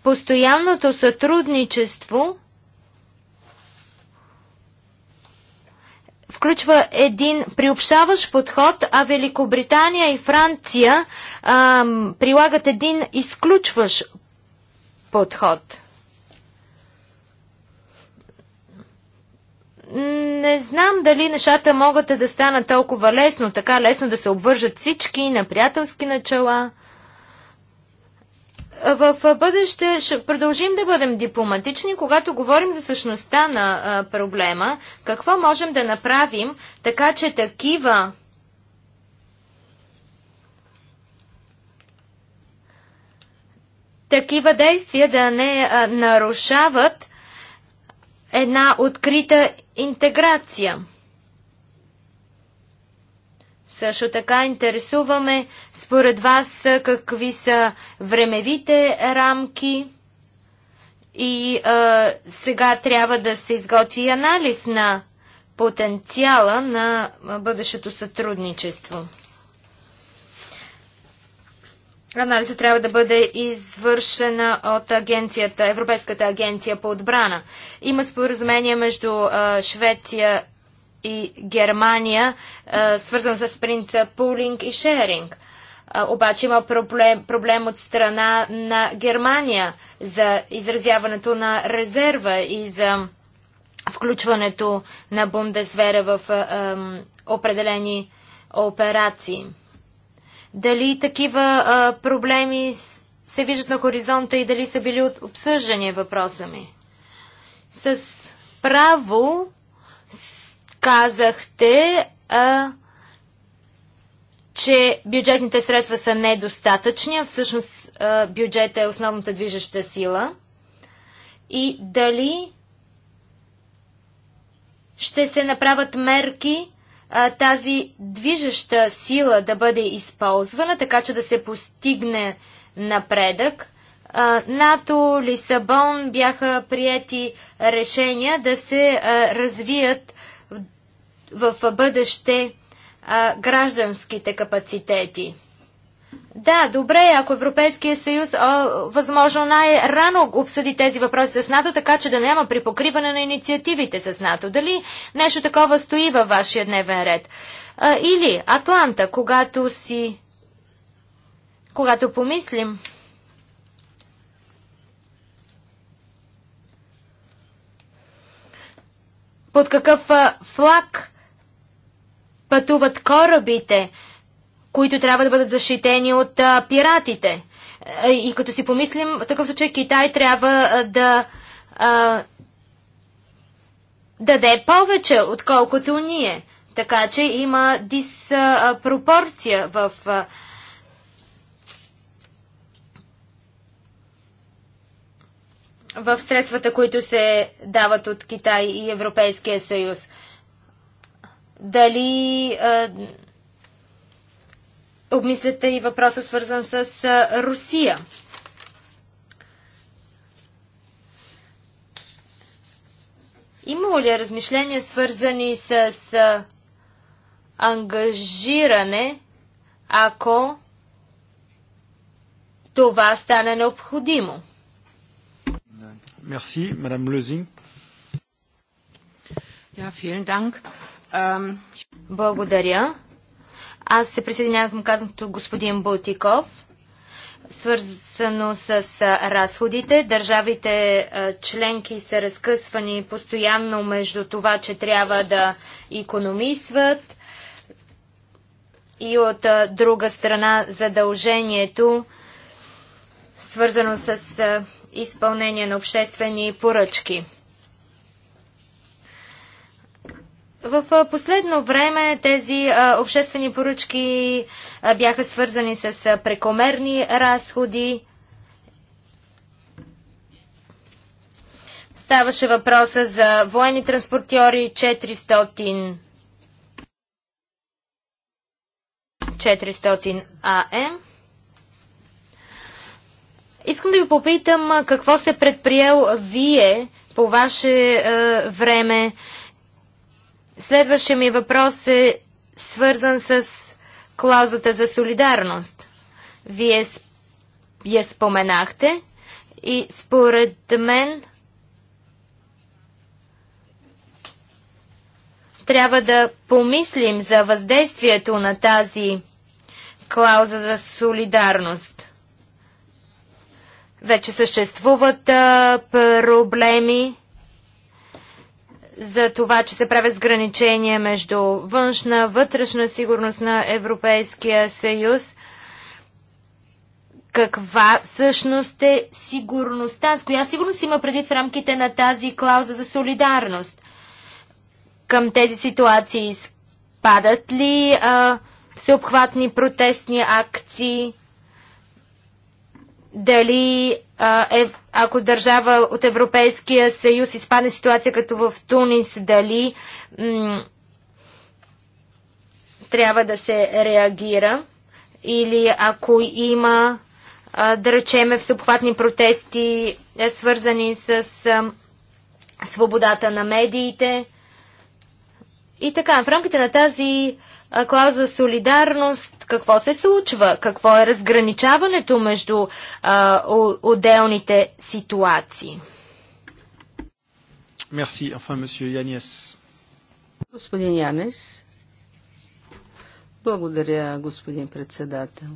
постоянното сътрудничество включва един приобщаващ подход, а Великобритания и Франция а, прилагат един изключващ подход. Не знам дали нещата могат да станат толкова лесно, така лесно да се обвържат всички на приятелски начала. В бъдеще ще продължим да бъдем дипломатични, когато говорим за същността на проблема. Какво можем да направим, така че такива такива действия да не а, нарушават една открита интеграция. Също така интересуваме според вас какви са времевите рамки и а, сега трябва да се изготви анализ на потенциала на бъдещето сътрудничество. Анализа трябва да бъде извършена от агенцията, Европейската агенция по отбрана. Има споразумение между Швеция и Германия, свързано с принца пулинг и шеринг. обаче има проблем, проблем от страна на Германия за изразяването на резерва и за включването на Бундесвера в определени операции. Дали такива а, проблеми се виждат на хоризонта и дали са били обсъждани е въпроса ми? С право казахте, а, че бюджетните средства са недостатъчни, а всъщност а, бюджета е основната движеща сила. И дали ще се направят мерки а, тази движеща сила да бъде използвана, така че да се постигне напредък. А, НАТО, Лисабон бяха прияти решения да се а, развият в, в бъдеще гражданските капацитети. Да, добре, ако Европейския съюз а, възможно най-рано обсъди тези въпроси с НАТО, така че да няма припокриване на инициативите с НАТО. Дали нещо такова стои във вашия дневен ред? А, или Атланта, когато си... Когато помислим... Под какъв а, флаг пътуват корабите? които трябва да бъдат защитени от а, пиратите. И като си помислим, в такъв случай Китай трябва а, да а, даде повече, отколкото ние. Така че има диспропорция в а, в средствата, които се дават от Китай и Европейския съюз. Дали обмисляте и въпроса свързан с Русия. Има ли е размишления свързани с ангажиране, ако това стане необходимо? Мерси, мадам Лозинг. Благодаря. Аз се присъединявам към казаното господин Бултиков, свързано с разходите. Държавите членки са разкъсвани постоянно между това, че трябва да економисват и от друга страна задължението, свързано с изпълнение на обществени поръчки. В последно време тези обществени поръчки бяха свързани с прекомерни разходи. Ставаше въпроса за военни транспортьори 400 400 АМ. Искам да ви попитам какво сте предприел вие по ваше е, време Следващия ми въпрос е свързан с клаузата за солидарност. Вие я споменахте и според мен трябва да помислим за въздействието на тази клауза за солидарност. Вече съществуват проблеми за това, че се правят сграничения между външна, вътрешна сигурност на Европейския съюз. Каква всъщност е сигурността? С коя сигурност има преди в рамките на тази клауза за солидарност? Към тези ситуации спадат ли а, всеобхватни протестни акции? дали а, е, ако държава от Европейския съюз изпадне ситуация като в Тунис, дали трябва да се реагира или ако има, а, да речеме, всеобхватни протести, е, свързани с а, свободата на медиите. И така, в рамките на тази клауза солидарност какво се случва, какво е разграничаването между а, отделните ситуации. Мерси, enfin, месье Янес. Господин Янес. Благодаря, господин председател.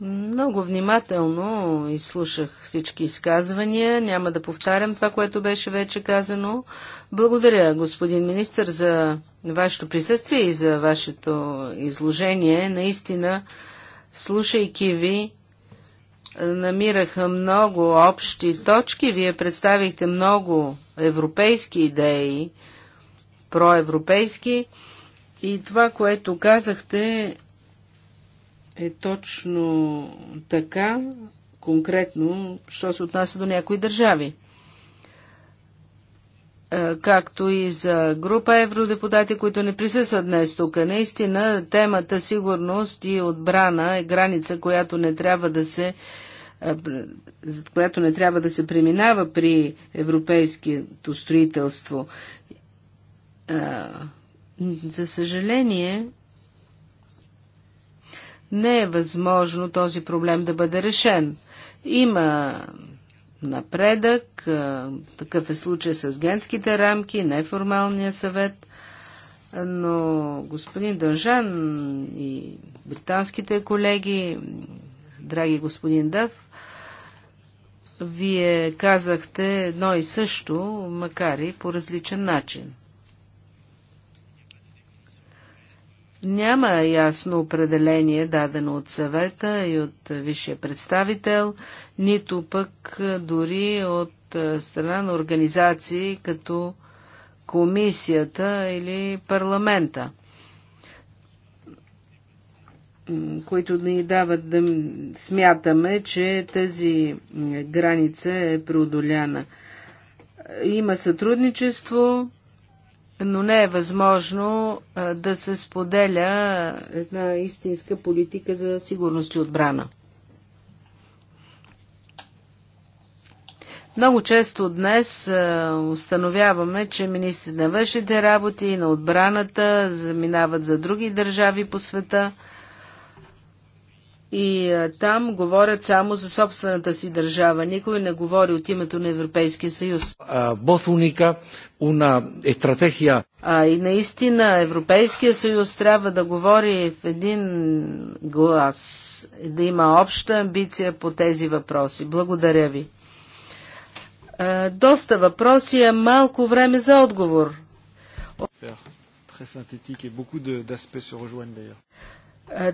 Много внимателно изслушах всички изказвания. Няма да повтарям това, което беше вече казано. Благодаря, господин министр, за вашето присъствие и за вашето изложение. Наистина, слушайки ви, намираха много общи точки. Вие представихте много европейски идеи, проевропейски. И това, което казахте, е точно така, конкретно, що се отнася до някои държави. Е, както и за група евродепутати, които не присъстват днес тук. Наистина, темата сигурност и отбрана е граница, която не трябва да се за е, която не трябва да се преминава при европейското строителство. Е, за съжаление, не е възможно този проблем да бъде решен. Има напредък, такъв е случай с генските рамки, неформалния съвет, но господин Дължан и британските колеги, драги господин Дъв, вие казахте едно и също, макар и по различен начин. Няма ясно определение, дадено от съвета и от висшия представител, нито пък дори от страна на организации като комисията или парламента, които ни дават да смятаме, че тази граница е преодоляна. Има сътрудничество но не е възможно да се споделя една истинска политика за сигурност и отбрана. Много често днес установяваме, че министрите на външните работи и на отбраната заминават за други държави по света – и там говорят само за собствената си държава. Никой не говори от името на Европейския съюз. Ботуника, уна стратегия. А, и наистина Европейския съюз трябва да говори в един глас, да има обща амбиция по тези въпроси. Благодаря ви. доста въпроси, а малко време за отговор. Très synthétique et beaucoup d'aspects se rejoignent d'ailleurs.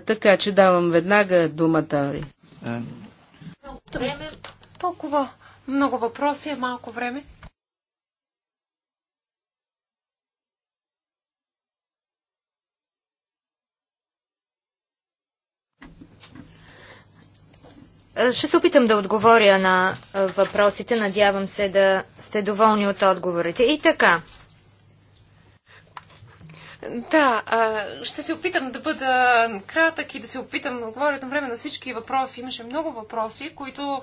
Така че давам веднага думата ви. Време, толкова много въпроси, е малко време. Ще се опитам да отговоря на въпросите. Надявам се да сте доволни от отговорите. И така, да, ще се опитам да бъда кратък и да се опитам да отговоря на време на всички въпроси. Имаше много въпроси, които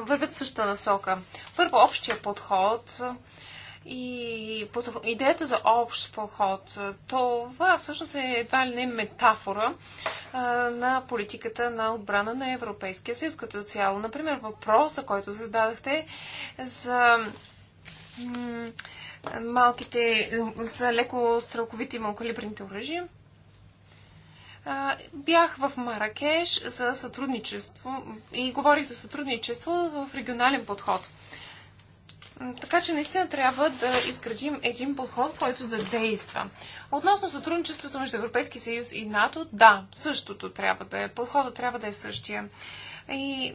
вървят същата насока. Първо, общия подход и идеята за общ подход. Това всъщност е едва ли не метафора на политиката на отбрана на Европейския съюз като цяло. Например, въпроса, който зададахте за малките, за леко стрелковите и малкалибрените оръжия. Бях в Маракеш за сътрудничество и говорих за сътрудничество в регионален подход. Така че наистина трябва да изградим един подход, който да действа. Относно сътрудничеството между Европейски съюз и НАТО, да, същото трябва да е. Подходът трябва да е същия. И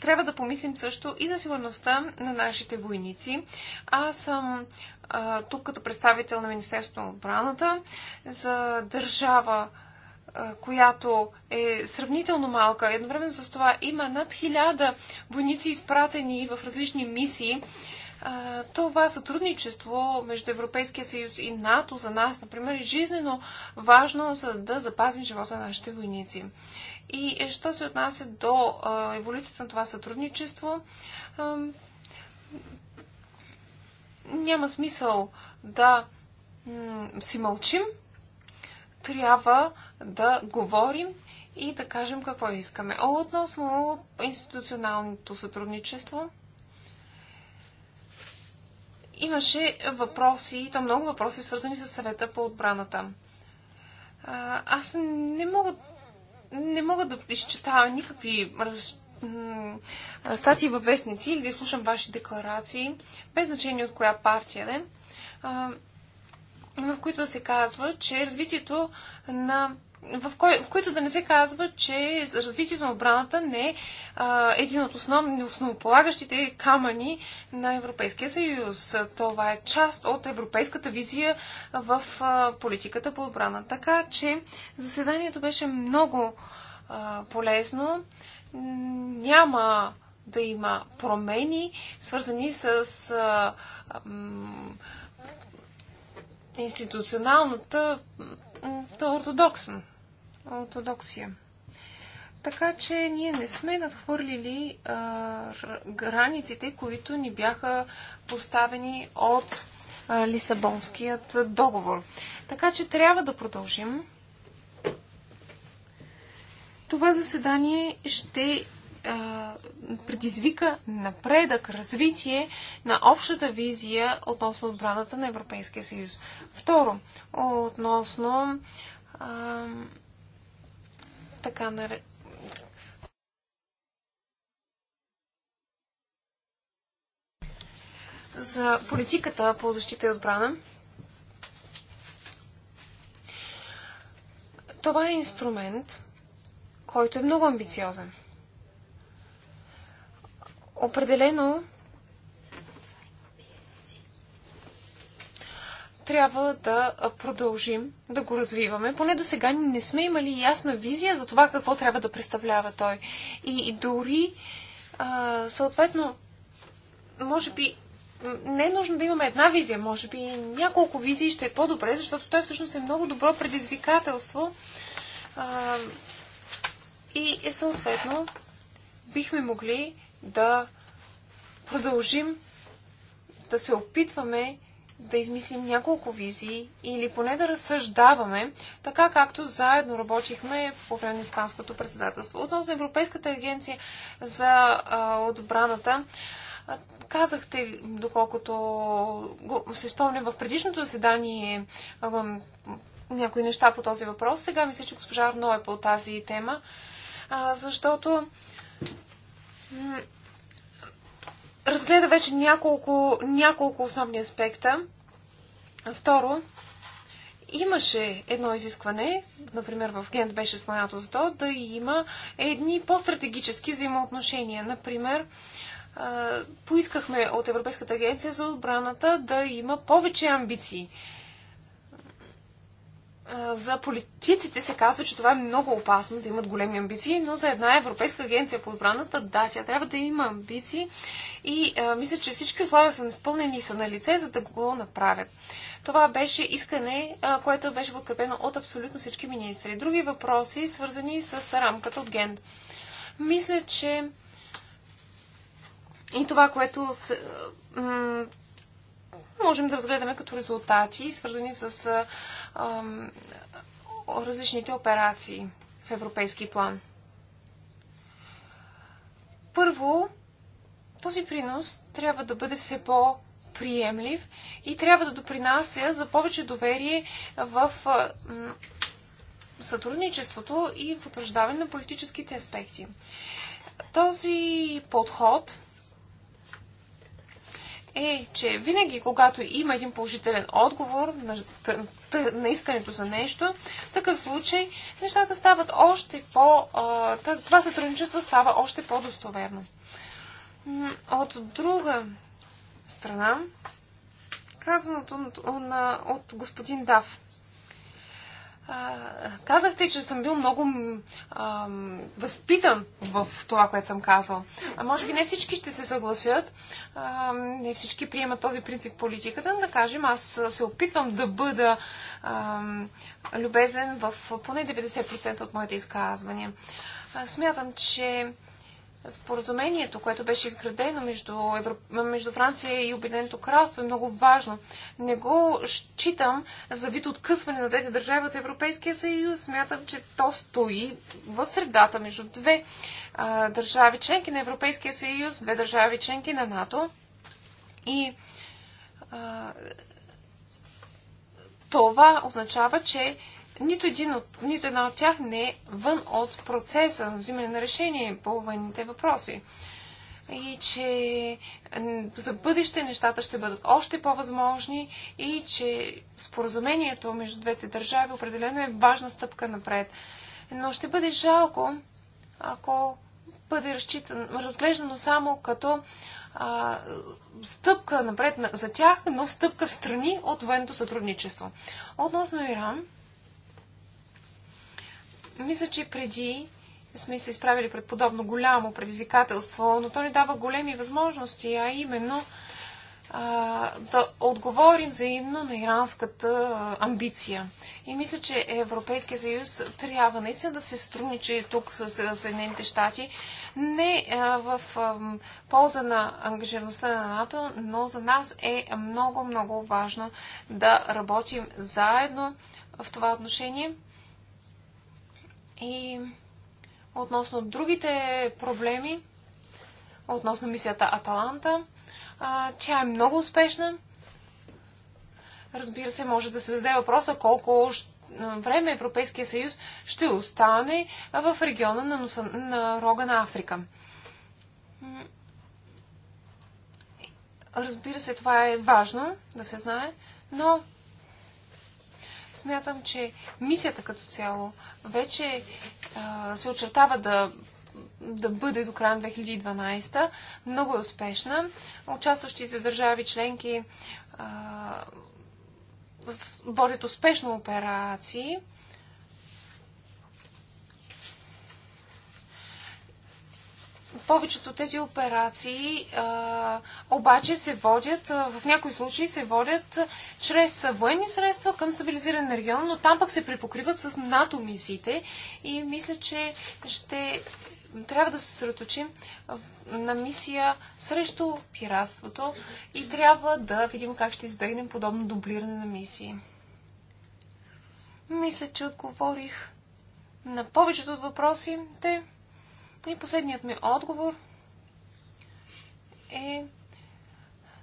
трябва да помислим също и за сигурността на нашите войници. Аз съм а, тук като представител на Министерството на отбраната за държава, а, която е сравнително малка. Едновременно с това има над хиляда войници изпратени в различни мисии. А, това сътрудничество между Европейския съюз и НАТО за нас, например, е жизнено важно, за да запазим живота на нашите войници. И е, що се отнася до еволюцията на това сътрудничество, няма смисъл да си мълчим. Трябва да говорим и да кажем какво искаме. Относно институционалното сътрудничество, имаше въпроси, и то много въпроси, свързани с съвета по отбраната. Аз не мога не мога да изчета никакви раз... статии във вестници или да слушам ваши декларации, без значение от коя партия е, в които се казва, че развитието на в, кой, в които да не се казва, че развитието на отбраната не е един от основни, основополагащите камъни на Европейския съюз. Това е част от европейската визия в политиката по отбрана. Така че заседанието беше много полезно. Няма да има промени, свързани с а, институционалната ортодоксна, ортодоксия. Така че ние не сме надхвърлили границите, които ни бяха поставени от а, Лисабонският договор. Така че трябва да продължим. Това заседание ще а, предизвика напредък, развитие на общата визия относно отбраната на Европейския съюз. Второ, относно а, така наречената за политиката по защита и отбрана. Това е инструмент, който е много амбициозен. Определено трябва да продължим да го развиваме. Поне до сега не сме имали ясна визия за това какво трябва да представлява той. И, и дори, а, съответно, може би не е нужно да имаме една визия, може би няколко визии ще е по-добре, защото той всъщност е много добро предизвикателство а, и е съответно бихме могли да продължим да се опитваме да измислим няколко визии или поне да разсъждаваме, така както заедно работихме по време на Испанското председателство. Относно Европейската агенция за а, отбраната, Казахте, доколкото се спомням в предишното заседание някои неща по този въпрос. Сега мисля, че госпожа Арно е по тази тема, защото разгледа вече няколко, няколко основни аспекта. Второ, имаше едно изискване, например в Гент беше споменато за то, да има едни по-стратегически взаимоотношения. Например, поискахме от Европейската агенция за отбраната да има повече амбиции. За политиците се казва, че това е много опасно да имат големи амбиции, но за една Европейска агенция по отбраната, да, тя трябва да има амбиции и а, мисля, че всички условия са изпълнени и са на лице, за да го направят. Това беше искане, а, което беше подкрепено от абсолютно всички министри. Други въпроси, свързани с рамката от ГЕНД. Мисля, че и това, което се, можем да разгледаме като резултати, свързани с различните операции в европейски план. Първо, този принос трябва да бъде все по-приемлив и трябва да допринася за повече доверие в сътрудничеството и в утвърждаване на политическите аспекти. Този подход е, че винаги, когато има един положителен отговор на, на искането за нещо, в такъв случай нещата стават още по... това сътрудничество става още по-достоверно. От друга страна, казаното от господин Дав казахте, че съм бил много а, възпитан в това, което съм казал. А може би не всички ще се съгласят, а, не всички приемат този принцип в политиката, но да кажем, аз се опитвам да бъда а, любезен в поне 90% от моите изказвания. А, смятам, че Споразумението, което беше изградено между, Европ... между Франция и Обединеното кралство е много важно. Не го считам за вид откъсване на двете държави от Европейския съюз. Смятам, че то стои в средата между две а, държави членки на Европейския съюз, две държави членки на НАТО. И а, това означава, че нито, един от, нито една от тях не е вън от процеса на взимане на решение по военните въпроси. И че за бъдеще нещата ще бъдат още по-възможни и че споразумението между двете държави определено е важна стъпка напред. Но ще бъде жалко, ако бъде разчитан, разглеждано само като а, стъпка напред за тях, но стъпка в страни от военното сътрудничество. Относно Иран, мисля, че преди сме се изправили пред подобно голямо предизвикателство, но то ни дава големи възможности, а именно а, да отговорим взаимно на иранската амбиция. И мисля, че Европейския съюз трябва наистина да се струничи тук с Съединените щати, не а, в а, полза на ангажираността на НАТО, но за нас е много, много важно да работим заедно в това отношение. И относно другите проблеми, относно мисията Аталанта, а, тя е много успешна. Разбира се, може да се зададе въпроса колко време Европейския съюз ще остане в региона на, носа, на рога на Африка. Разбира се, това е важно да се знае, но Смятам, че мисията като цяло вече а, се очертава да, да бъде до края на 2012. Много е успешна. Участващите държави членки а, водят успешно операции повечето от тези операции а, обаче се водят, а, в някои случаи се водят чрез военни средства към стабилизиран регион, но там пък се припокриват с НАТО мисиите и мисля, че ще трябва да се съсредоточим на мисия срещу пиратството и трябва да видим как ще избегнем подобно дублиране на мисии. Мисля, че отговорих на повечето от въпросите. И последният ми отговор е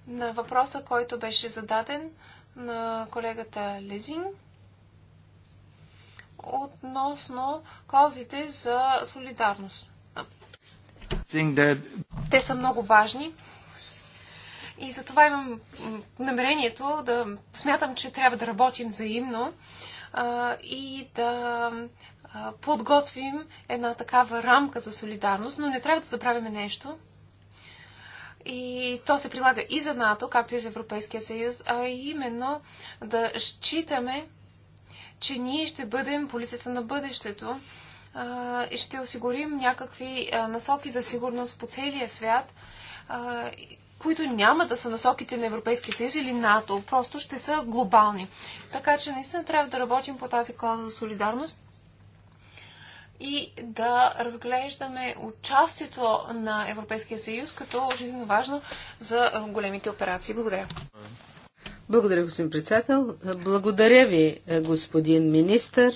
на въпроса, който беше зададен на колегата Лезин относно клаузите за солидарност. That... Те са много важни. И затова имам намерението да смятам, че трябва да работим взаимно а, и да подготвим една такава рамка за солидарност, но не трябва да забравяме нещо. И то се прилага и за НАТО, както и за Европейския съюз, а именно да считаме, че ние ще бъдем полицията на бъдещето и ще осигурим някакви насоки за сигурност по целия свят, които няма да са насоките на Европейския съюз или НАТО, просто ще са глобални. Така че наистина трябва да работим по тази клауза за солидарност и да разглеждаме участието на Европейския съюз като жизненно важно за големите операции. Благодаря. Благодаря, господин председател. Благодаря ви, господин министр.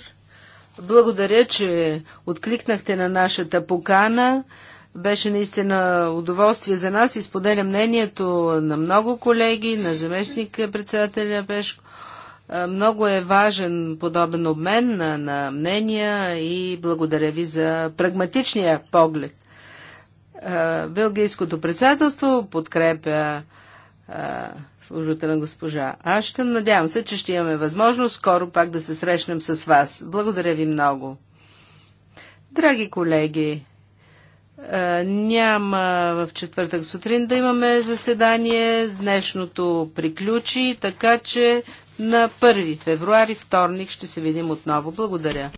Благодаря, че откликнахте на нашата покана. Беше наистина удоволствие за нас и споделя мнението на много колеги, на заместник председателя Пешко е, много е важен подобен обмен на, на мнения и благодаря ви за прагматичния поглед. Е, белгийското председателство подкрепя е, служата на госпожа Аштън. Надявам се, че ще имаме възможност скоро пак да се срещнем с вас. Благодаря ви много. Драги колеги, няма в четвъртък сутрин да имаме заседание. Днешното приключи, така че на 1 февруари, вторник, ще се видим отново. Благодаря.